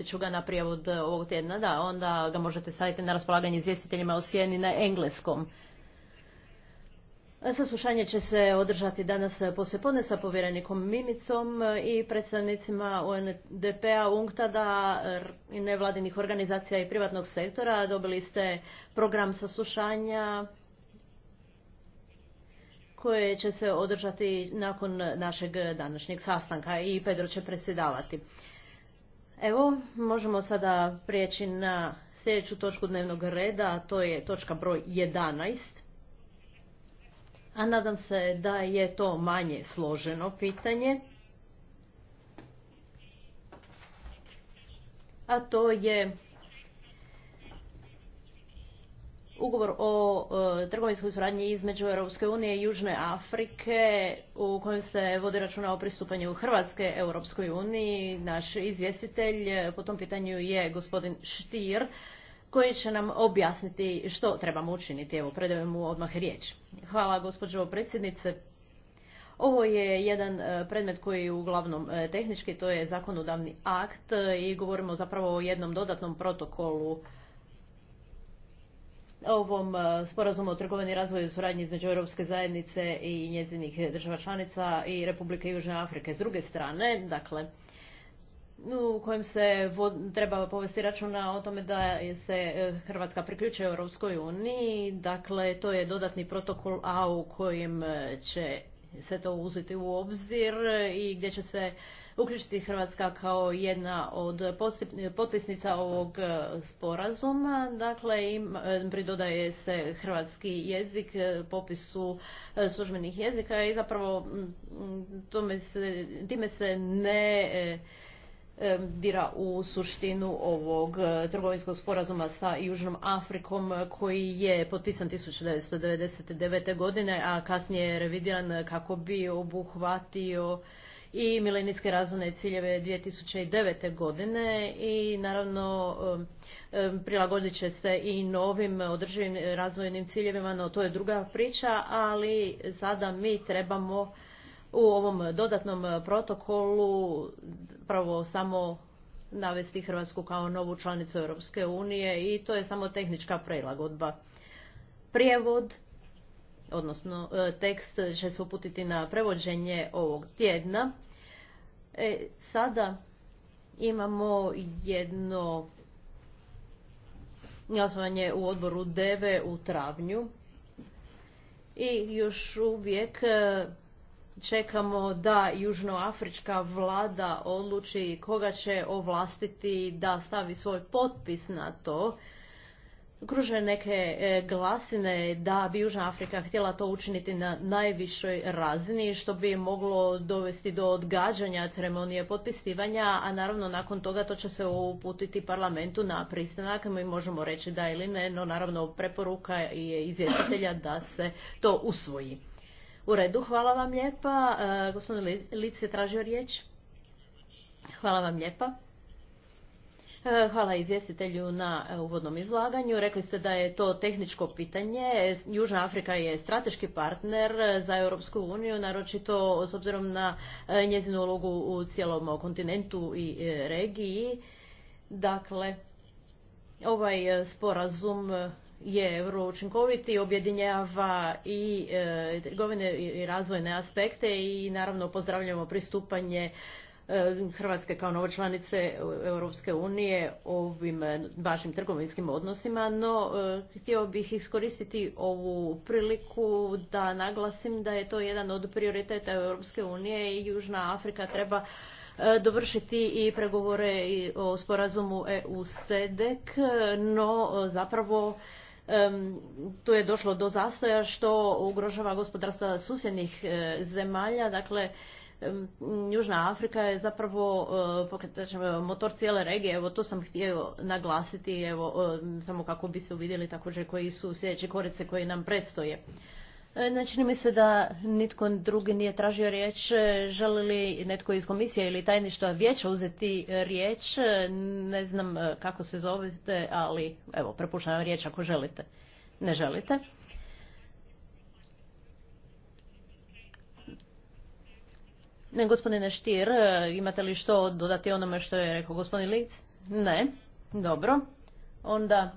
e, ću ga na prijevod ovog tjedna, da, onda ga možete staviti na raspolaganje izvjestiteljima o sjeni na engleskom. Saslušanje će se održati danas poslijepodne sa povjerenikom Mimicom i predstavnicima UNDP-a, UNCTAD-a, nevladinih organizacija i privatnog sektora. Dobili ste program saslušanja koje će se održati nakon našeg današnjeg sastanka i Pedro će predsjedavati. Evo, možemo sada prijeći na sljedeću točku dnevnog reda, to je točka broj 11 a nadam se da je to manje složeno pitanje. A to je ugovor o e, trgovinskoj suradnji između Europske unije i Južne Afrike u kojem se vodi računa o pristupanju Hrvatske Europskoj uniji. Naš izvjestitelj po tom pitanju je gospodin Štir koji će nam objasniti što trebamo učiniti. Evo, predajem mu odmah riječ. Hvala, gospođo predsjednice. Ovo je jedan e, predmet koji je uglavnom e, tehnički, to je zakonodavni akt e, i govorimo zapravo o jednom dodatnom protokolu ovom sporazumu o trgovini razvoju suradnji između Europske zajednice i njezinih država članica i Republike Južne Afrike. S druge strane, dakle, u kojem se treba povesti računa o tome da se e, Hrvatska priključuje Europskoj uniji. Dakle, to je dodatni protokol A u kojem e, će se to uzeti u obzir i gdje će se uključiti Hrvatska kao jedna od e, potpisnica ovog sporazuma. Dakle, im pridodaje se hrvatski jezik popisu službenih jezika i zapravo tome time se ne dira u suštinu ovog e, trgovinskog sporazuma sa Južnom Afrikom e, koji je potpisan 1999. godine, a kasnije je revidiran kako bi obuhvatio i milenijske razvojne ciljeve 2009. godine i naravno prilagodit će se i novim održivim razvojnim ciljevima, no to je druga priča, ali sada mi trebamo u ovom dodatnom e, protokolu pravo samo navesti Hrvatsku kao novu članicu Europske unije i to je samo tehnička prelagodba. Prijevod, odnosno e, tekst će se uputiti na prevođenje ovog tjedna. E, sada imamo jedno glasovanje u odboru DEVE u travnju i još uvijek e, čekamo da južnoafrička vlada odluči koga će ovlastiti da stavi svoj potpis na to. Kruže neke e, glasine da bi Južna Afrika htjela to učiniti na najvišoj razini, što bi moglo dovesti do odgađanja ceremonije potpisivanja, a naravno nakon toga to će se uputiti parlamentu na pristanak. Mi možemo reći da ili ne, no naravno preporuka je izvjestitelja da se to usvoji. U redu, hvala vam lijepa. E, gospodin Lic je tražio riječ. Hvala vam lijepa. E, hvala izvjestitelju na e, uvodnom izlaganju. Rekli ste da je to tehničko pitanje. Južna Afrika je strateški partner za Europsku uniju, naročito s obzirom na njezinu ulogu u cijelom kontinentu i regiji. Dakle, ovaj sporazum je vrlo učinkovit i objedinjava i e, trgovine i razvojne aspekte i naravno pozdravljamo pristupanje e, Hrvatske kao nove članice Europske unije ovim vašim trgovinskim odnosima, no e, htio bih iskoristiti ovu priliku da naglasim da je to jedan od prioriteta Europske unije i Južna Afrika treba dovršiti i pregovore o sporazumu EU-SEDEC, no zapravo tu je došlo do zastoja što ugrožava gospodarstva susjednih e, zemalja. Dakle, Južna Afrika je zapravo e, e, motor cijele regije. Evo to sam htio naglasiti, evo samo kako bi se uvidjeli također koji su sljedeće korice koje nam predstoje. E, ne čini mi se da nitko drugi nije tražio riječ. E, želi li netko iz komisije ili tajništva vijeća uzeti e, riječ? Ne znam kako se zovete, ali evo, prepuštam riječ ako želite. Ne želite? Ne, gospodine Štir, imate li što dodati onome što je rekao gospodin Lic? Ne. Dobro. Onda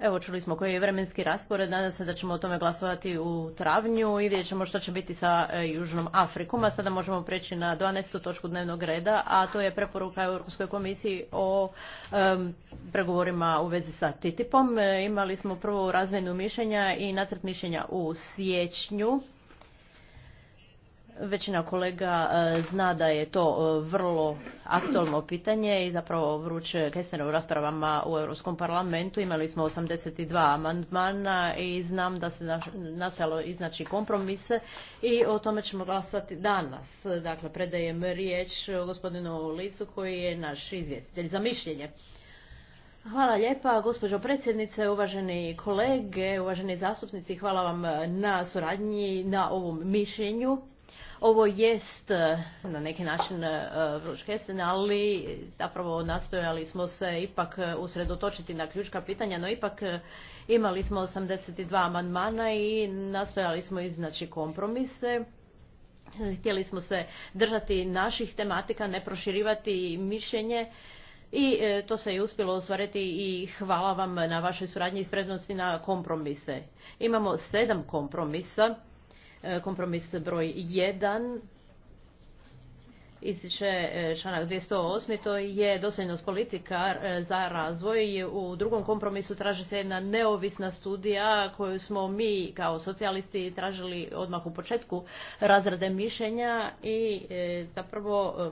Evo čuli smo koji je vremenski raspored, nadam se da ćemo o tome glasovati u travnju i vidjet ćemo što će biti sa e, Južnom Afrikom, a sada možemo preći na 12. točku dnevnog reda, a to je preporuka Europskoj komisiji o pregovorima u vezi sa TTIP-om. E, imali smo prvu razmjenu mišljenja i nacrt mišljenja u siječnju. Većina kolega e, zna da je to e, vrlo aktualno pitanje i zapravo vruće kesene u raspravama u Europskom parlamentu. Imali smo 82 amandmana i znam da se nastojalo iznaći kompromise i o tome ćemo glasati danas. Dakle, predajem riječ gospodinu Licu koji je naš izvjestitelj za mišljenje. Hvala lijepa, gospođo predsjednice, uvaženi kolege, uvaženi zastupnici, hvala vam na suradnji, na ovom mišljenju ovo jest e, na neki način e, vruć kesten, ali zapravo nastojali smo se ipak e, usredotočiti na ključka pitanja, no ipak imali smo 82 amandmana i nastojali smo iznaći kompromise. Htjeli smo se držati naših tematika, ne proširivati mišljenje i to se je uspjelo ostvariti i hvala vam na vašoj suradnji i spremnosti na kompromise. Imamo sedam kompromisa E, kompromis broj jedan, ističe e, članak 208. To je dosljednost politika e, za razvoj. U drugom kompromisu traži se jedna neovisna studija koju smo mi kao socijalisti tražili odmah u početku razrade mišljenja i zapravo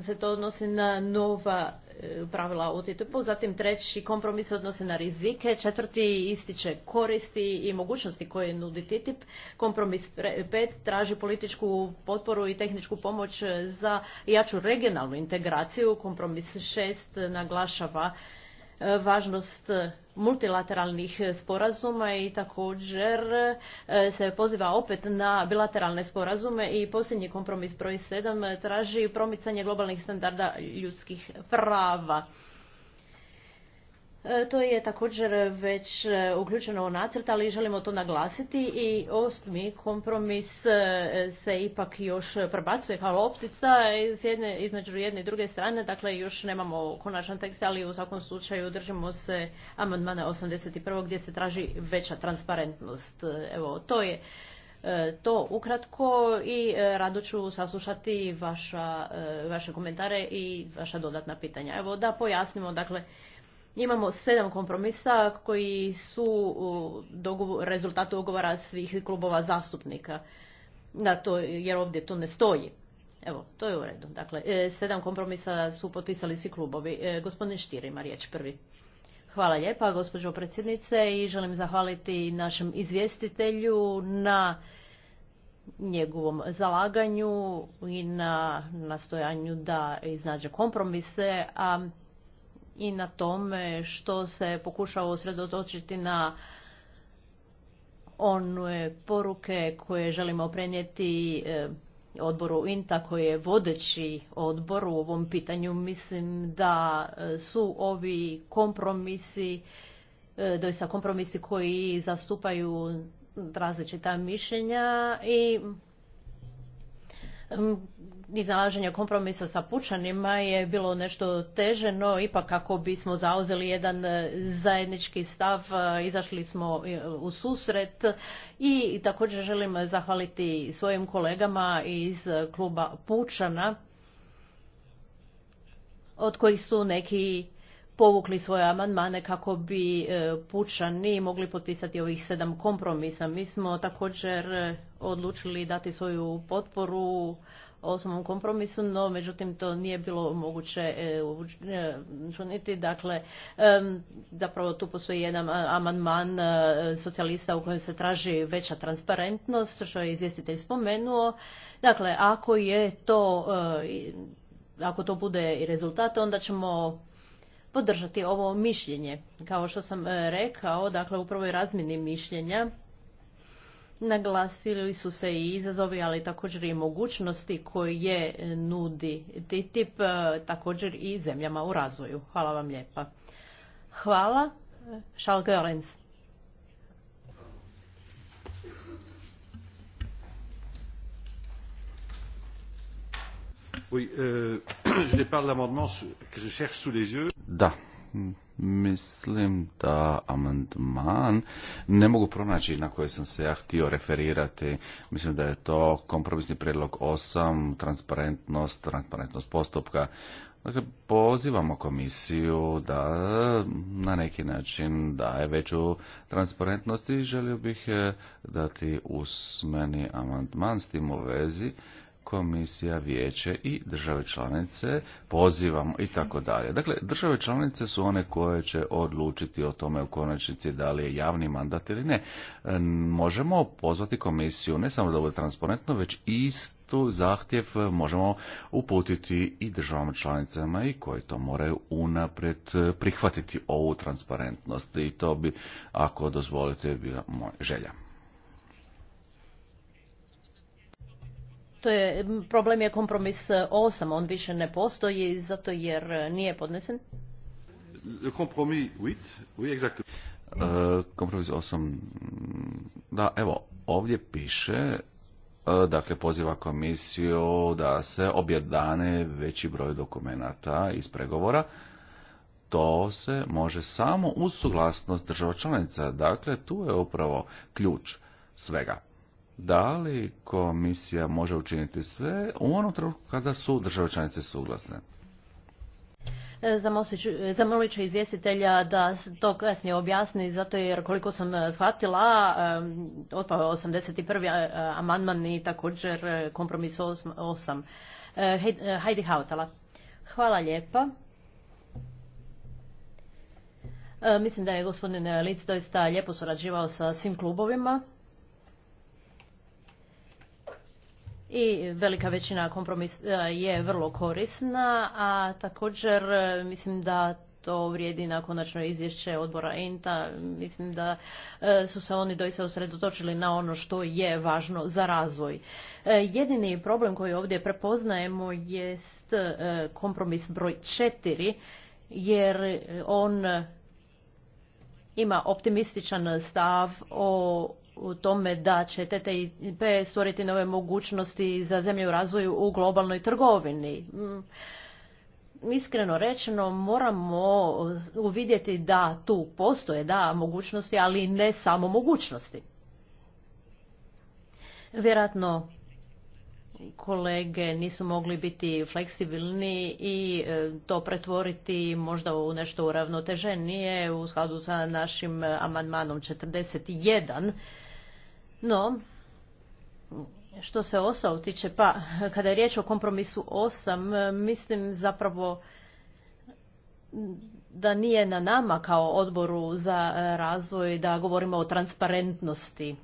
se to odnosi na nova E, pravila u TTIP-u, zatim treći kompromis odnose na rizike, četvrti ističe koristi i mogućnosti koje nudi TTIP, kompromis pet traži političku potporu i tehničku pomoć za jaču regionalnu integraciju, kompromis šest naglašava E, važnost multilateralnih sporazuma i također e, se poziva opet na bilateralne sporazume i posljednji kompromis broj 7 traži promicanje globalnih standarda ljudskih prava. E, to je također već e, uključeno u nacrt, ali želimo to naglasiti i osmi kompromis e, se ipak još prebacuje kao optica između jedne i druge strane, dakle još nemamo konačan tekst, ali u svakom slučaju držimo se amandmana 81. gdje se traži veća transparentnost. Evo, to je to ukratko i rado ću saslušati vaše komentare i vaša dodatna pitanja. Evo da pojasnimo dakle Imamo sedam kompromisa koji su rezultatu rezultat dogovora svih klubova zastupnika. Da, jer ovdje to ne stoji. Evo, to je u redu. Dakle, e, sedam kompromisa su potpisali svi klubovi. E, gospodin Štir ima riječ prvi. Hvala lijepa, gospođo predsjednice, i želim zahvaliti našem izvjestitelju na njegovom zalaganju i na nastojanju da iznađe kompromise, a i na tome što se pokušao osredotočiti na one poruke koje želimo prenijeti e, odboru INTA koji je vodeći odbor u ovom pitanju. Mislim da su ovi kompromisi, e, doista kompromisi koji zastupaju različita mišljenja i iznalaženja kompromisa sa pučanima je bilo nešto teže, no ipak kako bismo zauzeli jedan e, zajednički stav, e, izašli smo e, u susret i također želim zahvaliti svojim kolegama iz kluba pučana od kojih su neki povukli svoje amandmane kako bi e, pučani mogli potpisati ovih sedam kompromisa. Mi smo također e, odlučili dati svoju potporu osmom kompromisu, no međutim to nije bilo moguće e, učiniti. Dakle, zapravo tu postoji jedan amandman socijalista u kojem se traži veća transparentnost, što je izvjestitelj spomenuo. Dakle, ako je to ako to bude i rezultat, onda ćemo podržati ovo mišljenje. Kao što sam e, rekao, dakle u prvoj razmini mišljenja naglasili su se i izazovi, ali također i mogućnosti koje e, nudi TTIP e, također i zemljama u razvoju. Hvala vam lijepa. Hvala. Charles Oui, euh, da, mislim da amandman ne mogu pronaći na koje sam se ja htio referirati. Mislim da je to kompromisni prijedlog 8, transparentnost, transparentnost postupka. Dakle, pozivamo komisiju da na neki način daje veću transparentnost i želio bih eh, dati usmeni amandman s tim u vezi komisija, vijeće i države članice, pozivamo i tako dalje. Dakle, države članice su one koje će odlučiti o tome u konačnici da li je javni mandat ili ne. E, možemo pozvati komisiju ne samo da bude transparentno, već istu zahtjev možemo uputiti i državama članicama i koje to moraju unapred prihvatiti ovu transparentnost i to bi, ako dozvolite, bila moja želja. je, problem je kompromis 8, e, on više ne postoji zato jer e, nije podnesen. E, kompromis 8, oui, kompromis 8, da, evo, ovdje piše dakle poziva komisiju da se objedane veći broj dokumenata iz pregovora. To se može samo uz suglasnost država članica. Dakle, tu je upravo ključ svega da li komisija može učiniti sve u onom trenutku kada su države članice suglasne? E, e, zamolit ću izvjestitelja da to kasnije objasni, zato jer koliko sam e, shvatila, otpao 81. amandman i također kompromis 8. Heidi Hautala. Hvala lijepa. Mislim da je gospodin Lic doista lijepo surađivao sa svim klubovima i velika većina kompromisa e, je vrlo korisna, a također e, mislim da to vrijedi na konačno izvješće odbora INTA. Mislim da e, su se oni doista usredotočili na ono što je važno za razvoj. Jedini problem koji ovdje prepoznajemo jest kompromis broj četiri, jer on ima optimističan stav o u tome da će TTIP stvoriti nove mogućnosti za zemlje u razvoju u globalnoj trgovini. Mm, iskreno rečeno moramo uvidjeti da tu postoje da mogućnosti, ali ne samo mogućnosti. Vjerojatno kolege nisu mogli biti fleksibilni i e, to pretvoriti možda u nešto uravnoteženije u skladu sa našim e, amandmanom 41 no, što se osa tiče, pa kada je riječ o kompromisu osam, mislim zapravo da nije na nama kao odboru za razvoj da govorimo o transparentnosti.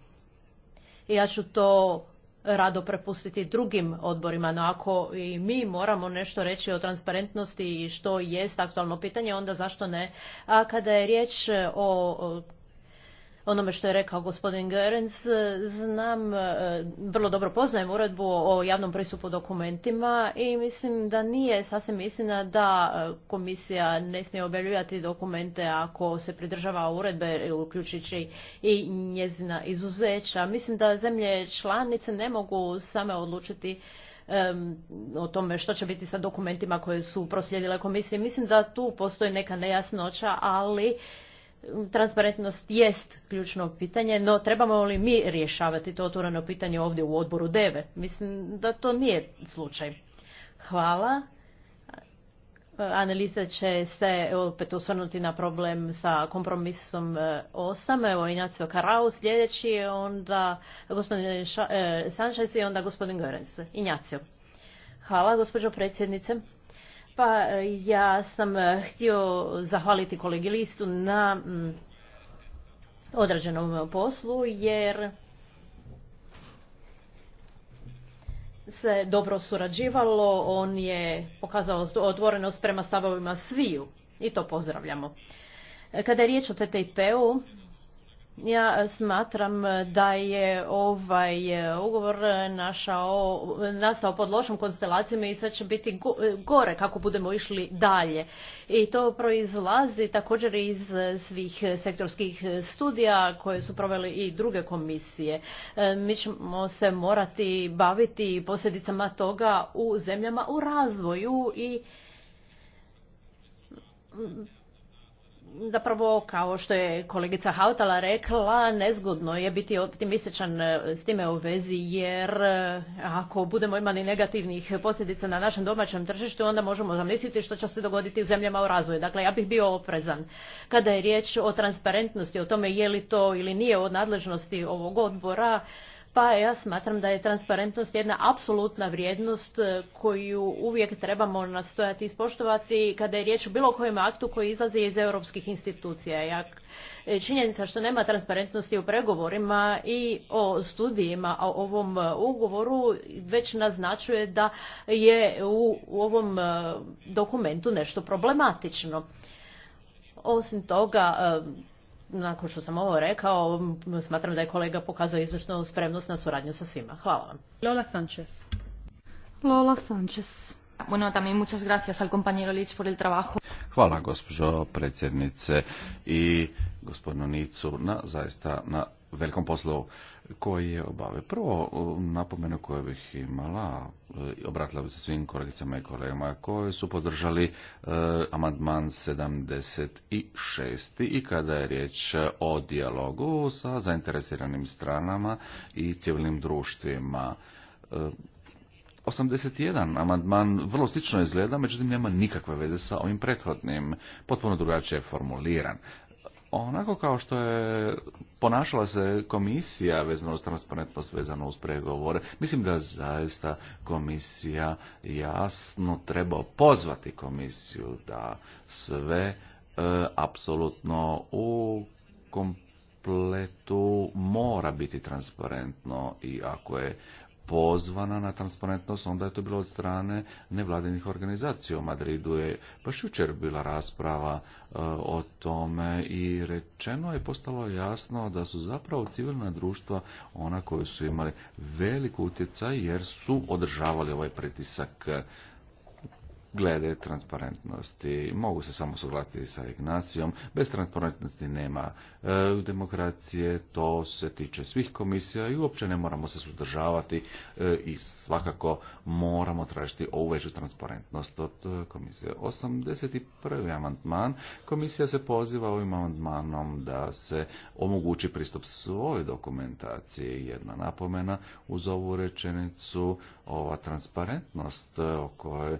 Ja ću to rado prepustiti drugim odborima, no ako i mi moramo nešto reći o transparentnosti i što jest aktualno pitanje, onda zašto ne? A kada je riječ o onome što je rekao gospodin Goerens, e, znam, e, vrlo dobro poznajem uredbu o javnom pristupu dokumentima i mislim da nije sasvim istina da e, komisija ne smije objavljivati dokumente ako se pridržava uredbe, uključujući i njezina izuzeća. Mislim da zemlje članice ne mogu same odlučiti o tome što će biti sa dokumentima koje su proslijedile komisije. Mislim da tu postoji neka nejasnoća, ali transparentnost jest ključno pitanje, no trebamo li mi rješavati to otvoreno pitanje ovdje u odboru DEVE? Mislim da to nije slučaj. Hvala. Analiza će se opet osvrnuti na problem sa kompromisom 8. E, Evo Inacio Karau sljedeći, onda gospodin e, i onda gospodin i. Inacio. Hvala gospođo predsjednice. Pa e, ja sam e, htio zahvaliti kolegi Listu na mm, odrađenom poslu jer se dobro surađivalo, on je pokazao otvorenost prema stavovima sviju i to pozdravljamo. E, kada je riječ o TTIP-u, ja smatram da je ovaj e, ugovor našao, nastao pod lošom konstelacijom i sve će biti e, gore kako budemo išli dalje. I to proizlazi također iz svih sektorskih studija koje su proveli i druge komisije. E, mi ćemo se morati baviti posljedicama toga u zemljama u razvoju i Zapravo, kao što je kolegica Hautala rekla, nezgodno je biti optimističan e, s time u vezi, jer e, ako budemo imali negativnih posljedica na našem domaćem tržištu, onda možemo zamisliti što će se dogoditi u zemljama u razvoju. Dakle, ja bih bio oprezan. Kada je riječ o transparentnosti, o tome je li to ili nije od nadležnosti ovog odbora, pa ja smatram da je transparentnost jedna apsolutna vrijednost e, koju uvijek trebamo nastojati ispoštovati kada je riječ o bilo kojem aktu koji izlazi iz europskih institucija. E, činjenica što nema transparentnosti u pregovorima i o studijima o ovom e, ugovoru već naznačuje da je u ovom dokumentu nešto problematično. Osim toga, nakon što sam ovo rekao, smatram da je kolega pokazao izvršnu spremnost na suradnju sa svima. Hvala vam. Lola Sanchez. Lola Sanchez. Bueno, también muchas gracias al compañero Lich por el trabajo. Hvala gospođo predsjednice i gospodinu Nicu na zaista na velikom poslu koji je obave. Prvo napomenu koju bih imala, e, obratila bi se svim kolegicama i kolegama koji su podržali eh, amandman 76. i kada je riječ o dijalogu sa zainteresiranim stranama i civilnim društvima. 81 e, amandman vrlo slično izgleda, međutim nema nikakve veze sa ovim prethodnim, potpuno drugačije je formuliran. Onako kao što je ponašala se komisija vezano uz transparentnost, vezano uz pregovore, mislim da zaista komisija jasno treba pozvati komisiju da sve e, apsolutno u kompletu mora biti transparentno i ako je pozvana na transparentnost, onda je to bilo od strane nevladinih organizacija. U Madridu je baš jučer bila rasprava e, o tome i rečeno je postalo jasno da su zapravo civilna društva ona koje su imali velik utjecaj jer su održavali ovaj pritisak glede transparentnosti. Mogu se samo suglasiti sa Ignacijom, bez transparentnosti nema e, demokracije, to se tiče svih komisija i uopće ne moramo se sudržavati e, i svakako moramo tražiti ovu veću transparentnost od e, komisije. 81. amandman, komisija se poziva ovim amandmanom da se omogući pristup svojoj dokumentaciji. Jedna napomena uz ovu rečenicu, ova transparentnost o kojoj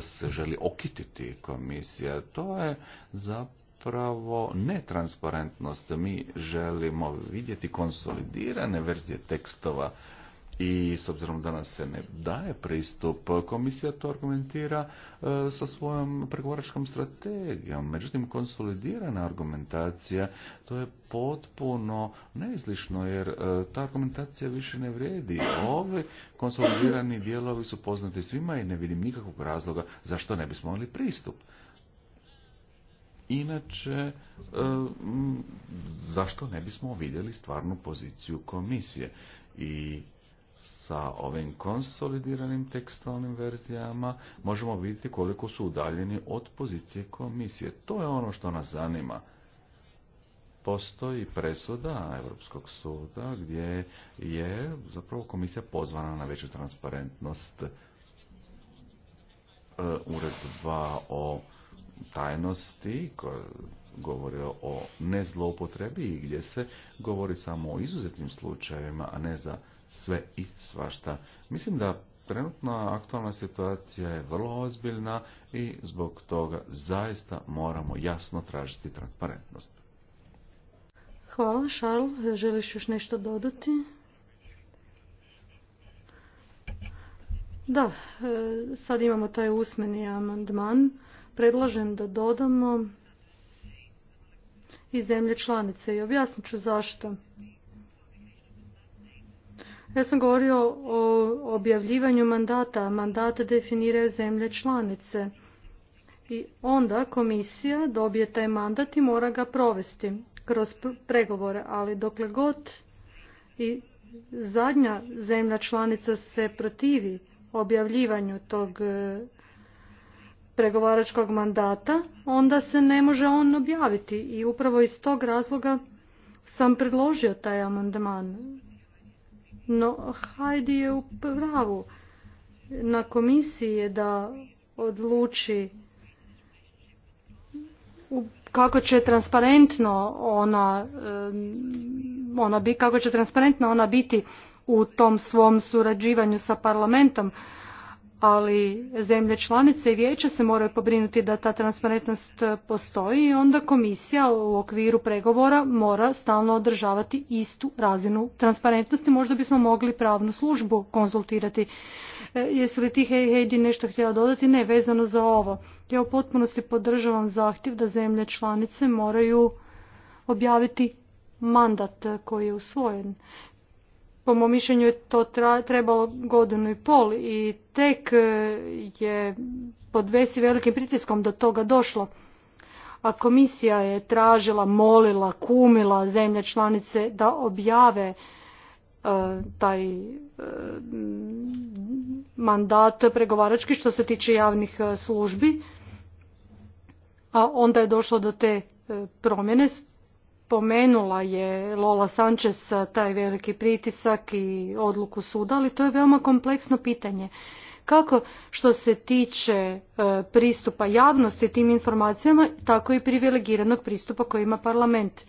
se želi okititi komisija. To je zapravo netransparentnost. Mi želimo vidjeti konsolidirane verzije tekstova i s obzirom da nas se ne daje pristup, komisija to argumentira e, sa svojom pregovaračkom strategijom. Međutim, konsolidirana argumentacija to je potpuno neizlišno jer e, ta argumentacija više ne vrijedi. Ovi konsolidirani dijelovi su poznati svima i ne vidim nikakvog razloga zašto ne bismo imali pristup. Inače, e, zašto ne bismo vidjeli stvarnu poziciju komisije? I sa ovim konsolidiranim tekstualnim verzijama možemo vidjeti koliko su udaljeni od pozicije komisije. To je ono što nas zanima. Postoji presuda Europskog suda gdje je zapravo komisija pozvana na veću transparentnost e, uredba o tajnosti koja govori o nezloupotrebi i gdje se govori samo o izuzetnim slučajevima, a ne za sve i svašta. Mislim da trenutna aktualna situacija je vrlo ozbiljna i zbog toga zaista moramo jasno tražiti transparentnost. Hvala, Šarl. Želiš još nešto dodati? Da, e, sad imamo taj usmeni amandman. Predlažem da dodamo i zemlje članice i objasnit ću zašto. Ja sam govorio o objavljivanju mandata. Mandate definiraju zemlje članice. I onda komisija dobije taj mandat i mora ga provesti kroz pregovore. Ali dokle god i zadnja zemlja članica se protivi objavljivanju tog e, pregovaračkog mandata, onda se ne može on objaviti. I upravo iz tog razloga sam predložio taj amandman no, Hajde je u pravu. Na komisiji je da odluči kako će transparentno ona, ona kako će transparentno ona biti u tom svom surađivanju sa parlamentom ali zemlje članice i vijeće se moraju pobrinuti da ta transparentnost postoji i onda komisija u okviru pregovora mora stalno održavati istu razinu transparentnosti. Možda bismo mogli pravnu službu konzultirati. E, jesi li ti Heidi nešto htjela dodati? Ne, vezano za ovo. Ja u potpunosti podržavam zahtjev da zemlje članice moraju objaviti mandat koji je usvojen po mom mišljenju je to trebalo godinu i pol i tek e, je pod vesi velikim pritiskom do toga došlo. A komisija je tražila, molila, kumila zemlje članice da objave e, taj e, mandat pregovarački što se tiče javnih službi. A onda je došlo do te promjene spomenula je Lola Sanchez taj veliki pritisak i odluku suda, ali to je veoma kompleksno pitanje. Kako što se tiče e, pristupa javnosti tim informacijama, tako i privilegiranog pristupa koji ima parlament.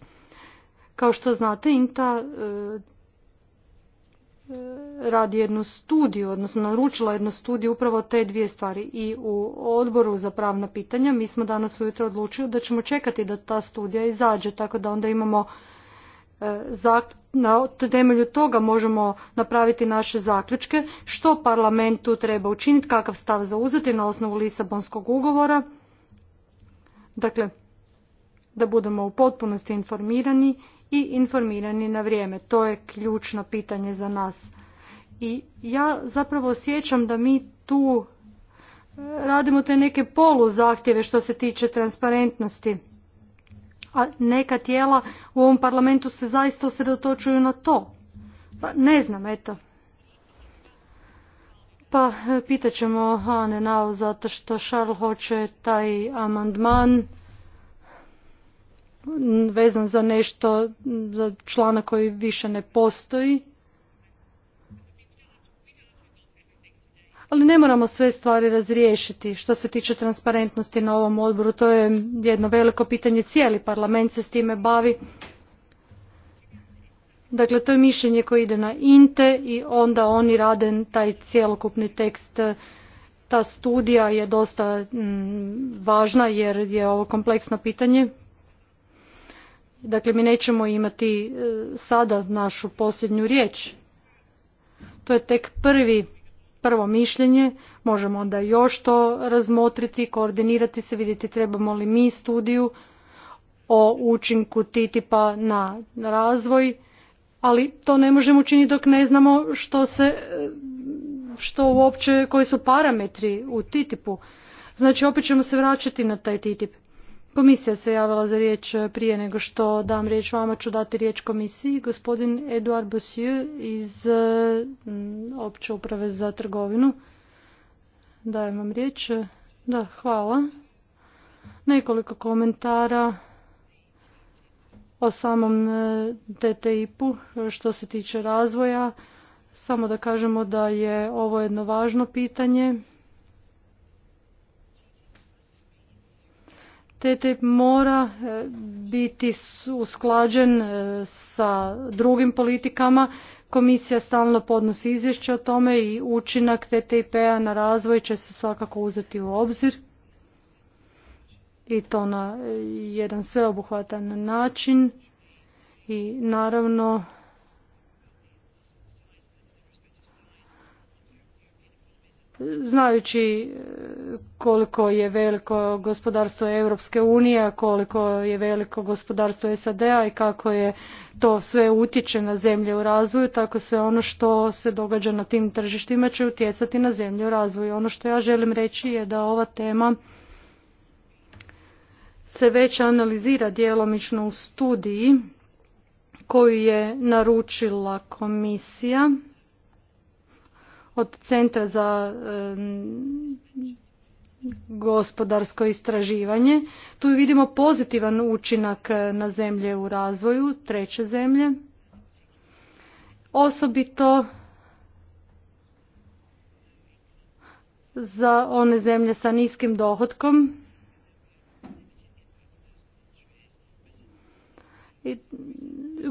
Kao što znate, INTA e, radi jednu studiju, odnosno naručila jednu studiju upravo te dvije stvari. I u odboru za pravna pitanja mi smo danas ujutro odlučili da ćemo čekati da ta studija izađe, tako da onda imamo e, na temelju toga možemo napraviti naše zaključke što parlamentu treba učiniti, kakav stav zauzeti na osnovu Lisabonskog ugovora. Dakle, da budemo u potpunosti informirani i informirani na vrijeme. To je ključno pitanje za nas. I ja zapravo osjećam da mi tu e, radimo te neke polu zahtjeve što se tiče transparentnosti. A neka tijela u ovom parlamentu se zaista osredotočuju na to. Pa ne znam, eto. Pa e, pitat ćemo Ane zato što Šarl hoće taj amandman vezan za nešto, za člana koji više ne postoji. Ali ne moramo sve stvari razriješiti. Što se tiče transparentnosti na ovom odboru, to je jedno veliko pitanje. Cijeli parlament se s time bavi. Dakle, to je mišljenje koje ide na INTE i onda oni rade taj cjelokupni tekst. Ta studija je dosta mm, važna jer je ovo kompleksno pitanje. Dakle, mi nećemo imati e, sada našu posljednju riječ. To je tek prvi, prvo mišljenje. Možemo onda još to razmotriti, koordinirati se, vidjeti trebamo li mi studiju o učinku Titipa na razvoj, ali to ne možemo učiniti dok ne znamo što se, e, što uopće, koji su parametri u TTIP-u. Znači, opet ćemo se vraćati na taj Titip. Komisija se javila za riječ eh, prije nego što dam riječ vama, ću dati riječ komisiji. Gospodin Eduard Bossieu iz eh, mm, Opće uprave za trgovinu. Dajem vam riječ. Da, hvala. Nekoliko komentara o samom eh, TTIP-u što se tiče razvoja. Samo da kažemo da je ovo jedno važno pitanje TTIP mora e, biti usklađen e, sa drugim politikama. Komisija stalno podnosi izvješće o tome i učinak TTIP-a na razvoj će se svakako uzeti u obzir i to na e, jedan sveobuhvatan način i naravno znajući e, koliko je veliko gospodarstvo Europske unije, koliko je veliko gospodarstvo SAD-a i kako je to sve utječe na zemlje u razvoju, tako sve ono što se događa na tim tržištima će utjecati na zemlje u razvoju. Ono što ja želim reći je da ova tema se već analizira djelomično u studiji koju je naručila komisija od Centra za gospodarsko istraživanje. Tu vidimo pozitivan učinak e, na zemlje u razvoju, treće zemlje. Osobito za one zemlje sa niskim dohodkom.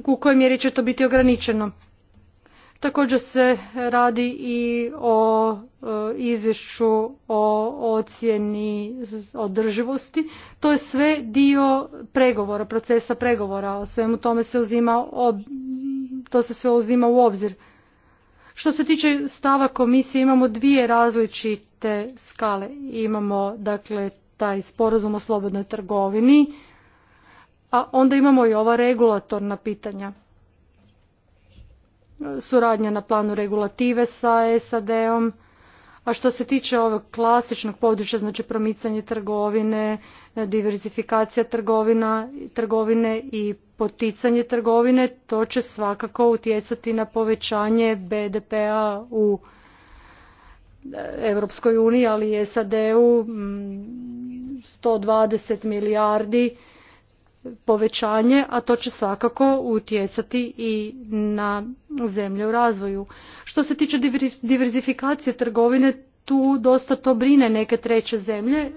U kojoj mjeri će to biti ograničeno? Također se radi i o e, izvješću o ocjeni održivosti. To je sve dio pregovora, procesa pregovora. O svemu tome se uzima, to se sve uzima u obzir. Što se tiče stava komisije imamo dvije različite skale. Imamo dakle taj sporazum o slobodnoj trgovini, a onda imamo i ova regulatorna pitanja suradnja na planu regulative sa SAD-om, a što se tiče ovog klasičnog područja, znači promicanje trgovine, diversifikacija trgovine i poticanje trgovine, to će svakako utjecati na povećanje BDP-a u e, Europskoj uniji, ali i SAD-u 120 milijardi povećanje, a to će svakako utjecati i na zemlje u razvoju. Što se tiče diverzifikacije trgovine, tu dosta to brine neke treće zemlje. E,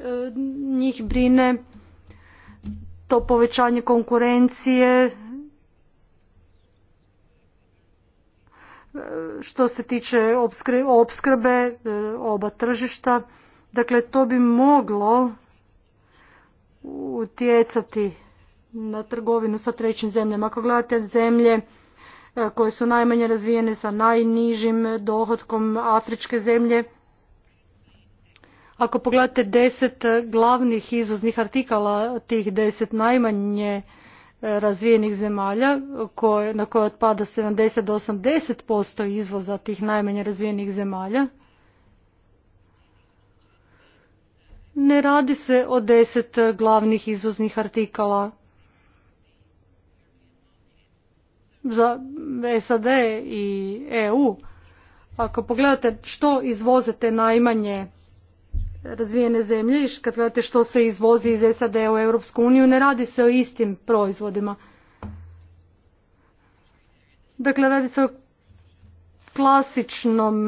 njih brine to povećanje konkurencije, e, što se tiče opskrbe e, oba tržišta. Dakle, to bi moglo utjecati na trgovinu sa trećim zemljama. Ako gledate zemlje e, koje su najmanje razvijene sa najnižim dohodkom afričke zemlje, ako pogledate deset glavnih izvoznih artikala tih deset najmanje e, razvijenih zemalja na koje otpada 70 do 80% izvoza tih najmanje razvijenih zemalja, ne radi se o deset glavnih izvoznih artikala za SAD i EU. Ako pogledate što izvoze najmanje razvijene zemlje i kad gledate što se izvozi iz SAD u Europsku uniju, ne radi se o istim proizvodima. Dakle, radi se o klasičnom,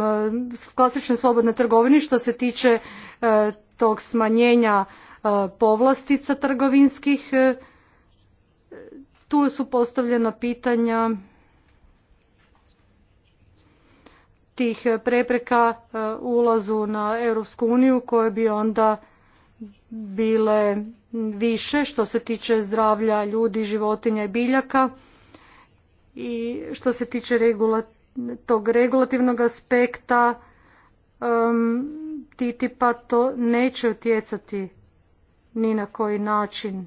klasičnoj slobodnoj trgovini što se tiče e, tog smanjenja e, povlastica trgovinskih. E, tu su postavljena pitanja tih prepreka e, ulazu na Europsku uniju koje bi onda bile više što se tiče zdravlja ljudi, životinja i biljaka i što se tiče tog regulativnog aspekta um, TTIP-a to neće utjecati ni na koji način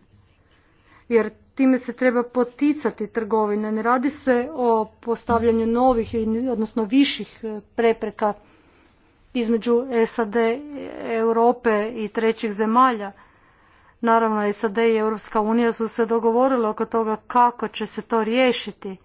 jer time se treba poticati trgovina. Ne radi se o postavljanju novih, odnosno viših e, prepreka između SAD, Europe i trećih zemalja. Naravno, SAD i Europska unija su se dogovorile oko toga kako će se to riješiti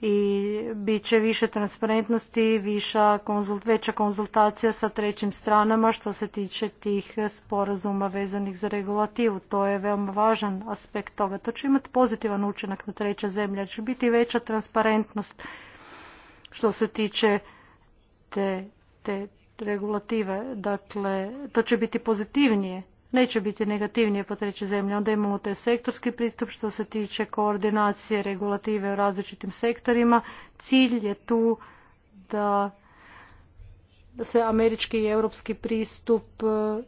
i bit će više transparentnosti, viša konzult, veća konzultacija sa trećim stranama što se tiče tih sporazuma vezanih za regulativu. To je veoma važan aspekt toga. To će imati pozitivan učinak na treća zemlja, će biti veća transparentnost što se tiče te, te regulative. Dakle, to će biti pozitivnije neće biti negativnije po treće zemlje. Onda imamo taj sektorski pristup što se tiče koordinacije regulative u različitim sektorima. Cilj je tu da se američki i europski pristup e,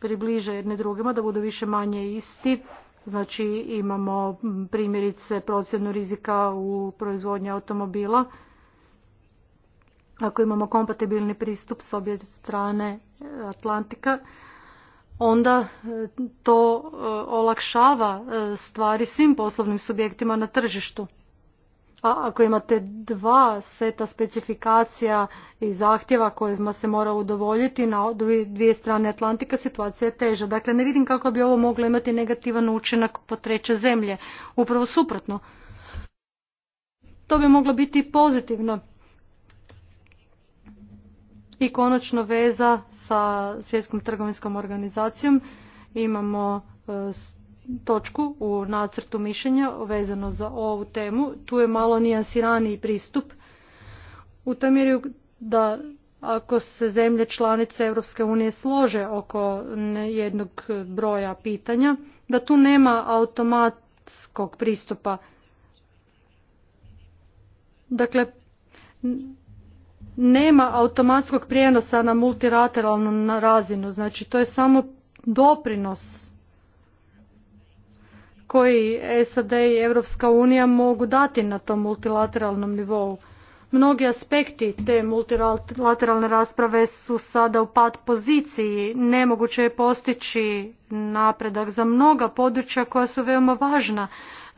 približe jedne drugima, da budu više manje isti. Znači imamo primjerice procjenu rizika u proizvodnji automobila ako imamo kompatibilni pristup s obje strane e, Atlantika, onda e, to e, olakšava stvari svim poslovnim subjektima na tržištu. A ako imate dva seta specifikacija i zahtjeva kojima se mora udovoljiti na dvije strane Atlantika, situacija je teža. Dakle, ne vidim kako bi ovo moglo imati negativan učinak po treće zemlje. Upravo suprotno. To bi moglo biti pozitivno i konačno veza sa svjetskom trgovinskom organizacijom. Imamo e, točku u nacrtu mišljenja vezano za ovu temu. Tu je malo nijansiraniji pristup. U tom da ako se zemlje članice Europske unije slože oko jednog broja pitanja, da tu nema automatskog pristupa. Dakle, nema automatskog prijenosa na multilateralnu razinu. Znači to je samo doprinos koji SAD i Europska unija mogu dati na tom multilateralnom nivou. Mnogi aspekti te multilateralne rasprave su sada u pad poziciji. Nemoguće je postići napredak za mnoga područja koja su veoma važna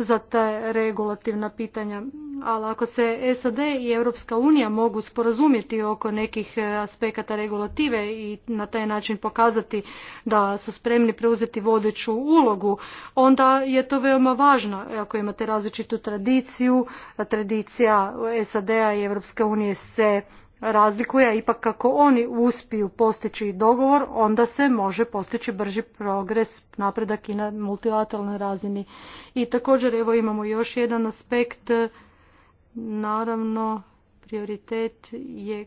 za ta regulativna pitanja. Ali ako se SAD i Europska unija mogu sporazumjeti oko nekih e, aspekata regulative i na taj način pokazati da su spremni preuzeti vodeću ulogu, onda je to veoma važno. Ako imate različitu tradiciju, tradicija SAD-a i Europske unije se razlikuje ipak kako oni uspiju postići dogovor, onda se može postići brži progres, napredak i na multilateralnoj razini. I također evo imamo još jedan aspekt, naravno prioritet je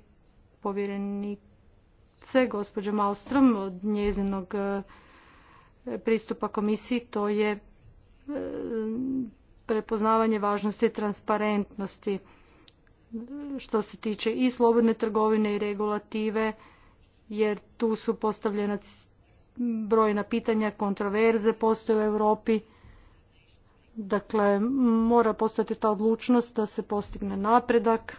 povjerenice gospođe Malstrom od njezinog eh, pristupa komisiji, to je eh, prepoznavanje važnosti transparentnosti što se tiče i slobodne trgovine i regulative jer tu su postavljena brojna pitanja, kontroverze postoje u Europi. Dakle, mora postati ta odlučnost da se postigne napredak.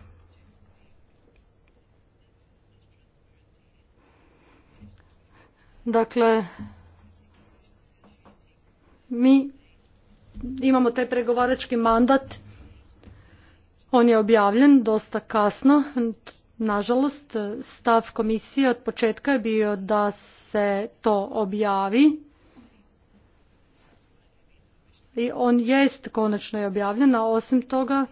Dakle, mi imamo taj pregovarački mandat on je objavljen dosta kasno. Nažalost, stav komisije od početka je bio da se to objavi. I on jest konačno je objavljen, a osim toga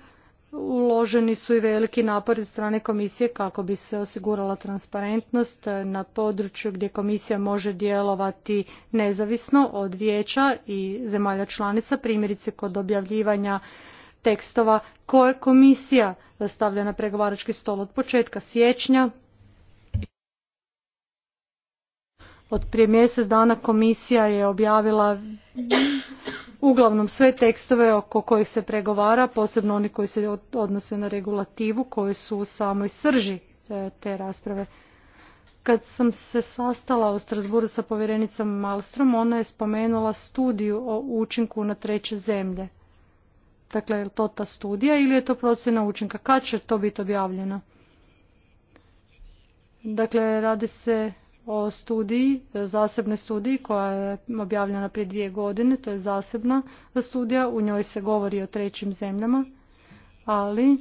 uloženi su i veliki napori od strane komisije kako bi se osigurala transparentnost na području gdje komisija može djelovati nezavisno od vijeća i zemalja članica, primjerice kod objavljivanja tekstova koje komisija stavlja na pregovarački stol od početka siječnja. Od prije mjesec dana komisija je objavila uglavnom sve tekstove oko kojih se pregovara, posebno oni koji se odnose na regulativu, koji su u samoj srži e, te rasprave. Kad sam se sastala u Strasburu sa povjerenicom Malstrom, ona je spomenula studiju o učinku na treće zemlje. Dakle, je to ta studija ili je to procjena učinka? Kad će to biti objavljeno? Dakle, radi se o studiji, zasebnoj studiji koja je objavljena prije dvije godine, to je zasebna studija, u njoj se govori o trećim zemljama, ali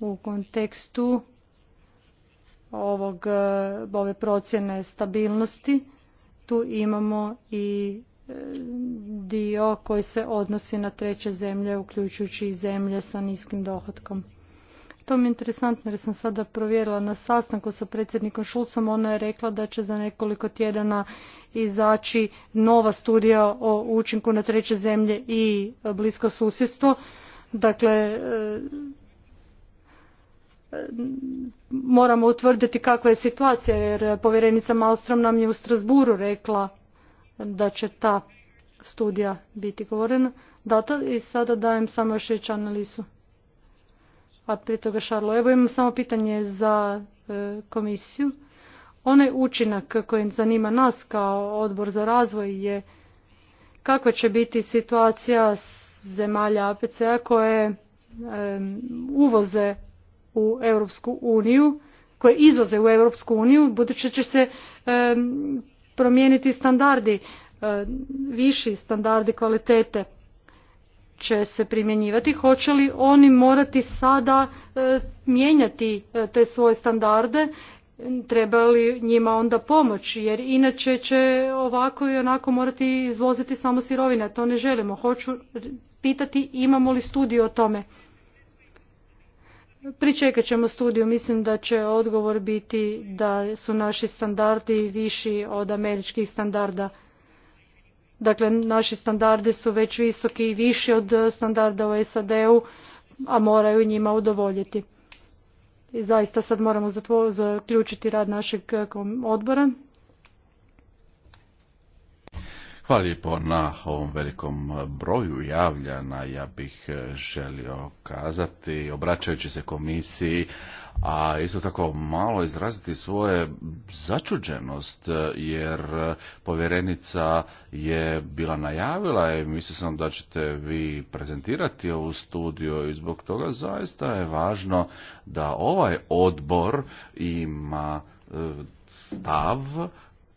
u kontekstu ovog, ove procjene stabilnosti tu imamo i dio koji se odnosi na treće zemlje, uključujući i zemlje sa niskim dohodkom. To mi je interesantno jer sam sada provjerila na sastanku sa predsjednikom Šulcom. Ona je rekla da će za nekoliko tjedana izaći nova studija o učinku na treće zemlje i blisko susjedstvo. Dakle, e, e, moramo utvrditi kakva je situacija jer povjerenica Malstrom nam je u Strasburu rekla da će ta studija biti govorena. Data i sada dajem samo još riječ analizu. A prije toga Šarlo, evo imam samo pitanje za e, komisiju. Onaj učinak koji zanima nas kao odbor za razvoj je kakva će biti situacija zemalja APC-a koje e, uvoze u Europsku uniju, koje izvoze u Europsku uniju, budući će se e, promijeniti standardi, e, viši standardi kvalitete će se primjenjivati, hoće li oni morati sada e, mijenjati e, te svoje standarde, treba li njima onda pomoći, jer inače će ovako i onako morati izvoziti samo sirovine, to ne želimo. Hoću pitati imamo li studiju o tome. Pričekat ćemo studiju, mislim da će odgovor biti da su naši standardi viši od američkih standarda. Dakle, naši standardi su već visoki i viši od standarda u SAD-u, a moraju njima udovoljiti. I zaista sad moramo zaključiti rad našeg eh, odbora. Hvala lijepo na ovom velikom broju javljana. Ja bih e, želio kazati, obraćajući se komisiji, a isto tako malo izraziti svoje začuđenost, e, jer e, povjerenica je bila najavila i mislio sam da ćete vi prezentirati ovu studiju i zbog toga zaista je važno da ovaj odbor ima stav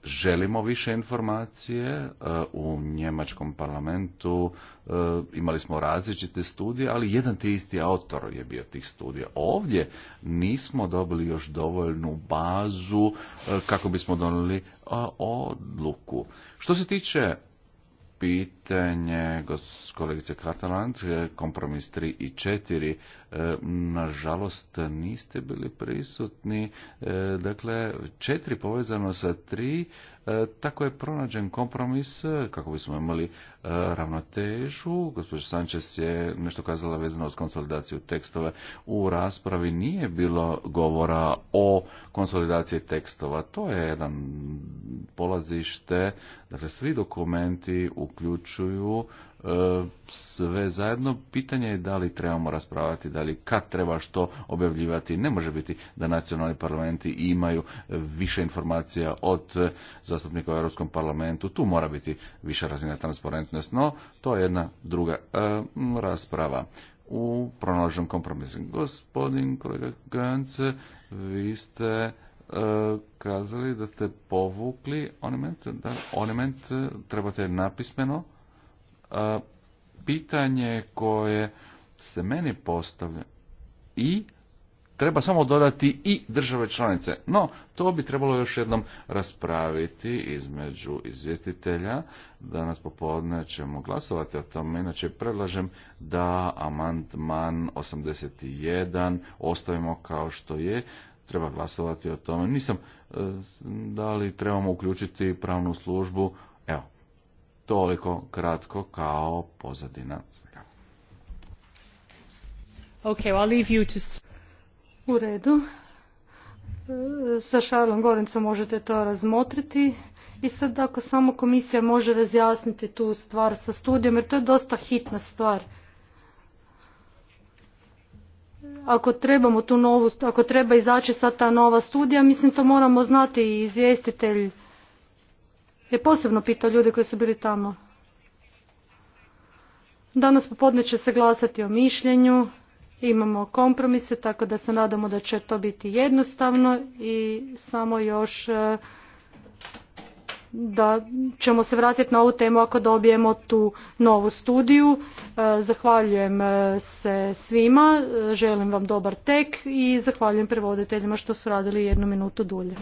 želimo više informacije e, u njemačkom parlamentu e, imali smo različite studije ali jedan te isti autor je bio tih studija ovdje nismo dobili još dovoljnu bazu e, kako bismo donijeli odluku što se tiče pitanja pitanje kolegice Katalant, e, kompromis 3 i 4, e, nažalost niste bili prisutni, e, dakle 4 povezano sa 3, tako je pronađen kompromis kako bismo imali ravnotežu. Gospođa Sančes je nešto kazala vezano s konsolidaciju tekstova. U raspravi nije bilo govora o konsolidaciji tekstova. To je jedan polazište. Dakle, svi dokumenti uključuju uključuju e, sve zajedno. Pitanje je da li trebamo raspravljati, da li kad treba što objavljivati. Ne može biti da nacionalni parlamenti imaju više informacija od zastupnika u Europskom parlamentu. Tu mora biti više razina transparentnosti, no to je jedna druga e, rasprava u pronalaženom kompromisu. Gospodin kolega Gönc, vi ste e, kazali da ste povukli onement da trebate napismeno pitanje koje se meni postavlja i treba samo dodati i države članice. No, to bi trebalo još jednom raspraviti između izvjestitelja. Danas popodne ćemo glasovati o tome. Inače, predlažem da amandman 81 ostavimo kao što je. Treba glasovati o tome. Nisam e, da li trebamo uključiti pravnu službu toliko kratko kao pozadina svega. I'll leave you to... U redu. Sa Šarlom Gorencom možete to razmotriti. I sad ako samo komisija može razjasniti tu stvar sa studijom, jer to je dosta hitna stvar. Ako trebamo tu novu, ako treba izaći sad ta nova studija, mislim to moramo znati i izvjestitelj je posebno pitao ljude koji su bili tamo. Danas popodne će se glasati o mišljenju, imamo kompromise, tako da se nadamo da će to biti jednostavno i samo još e, da ćemo se vratiti na ovu temu ako dobijemo tu novu studiju. E, zahvaljujem e, se svima, želim vam dobar tek i zahvaljujem prevoditeljima što su radili jednu minutu dulje.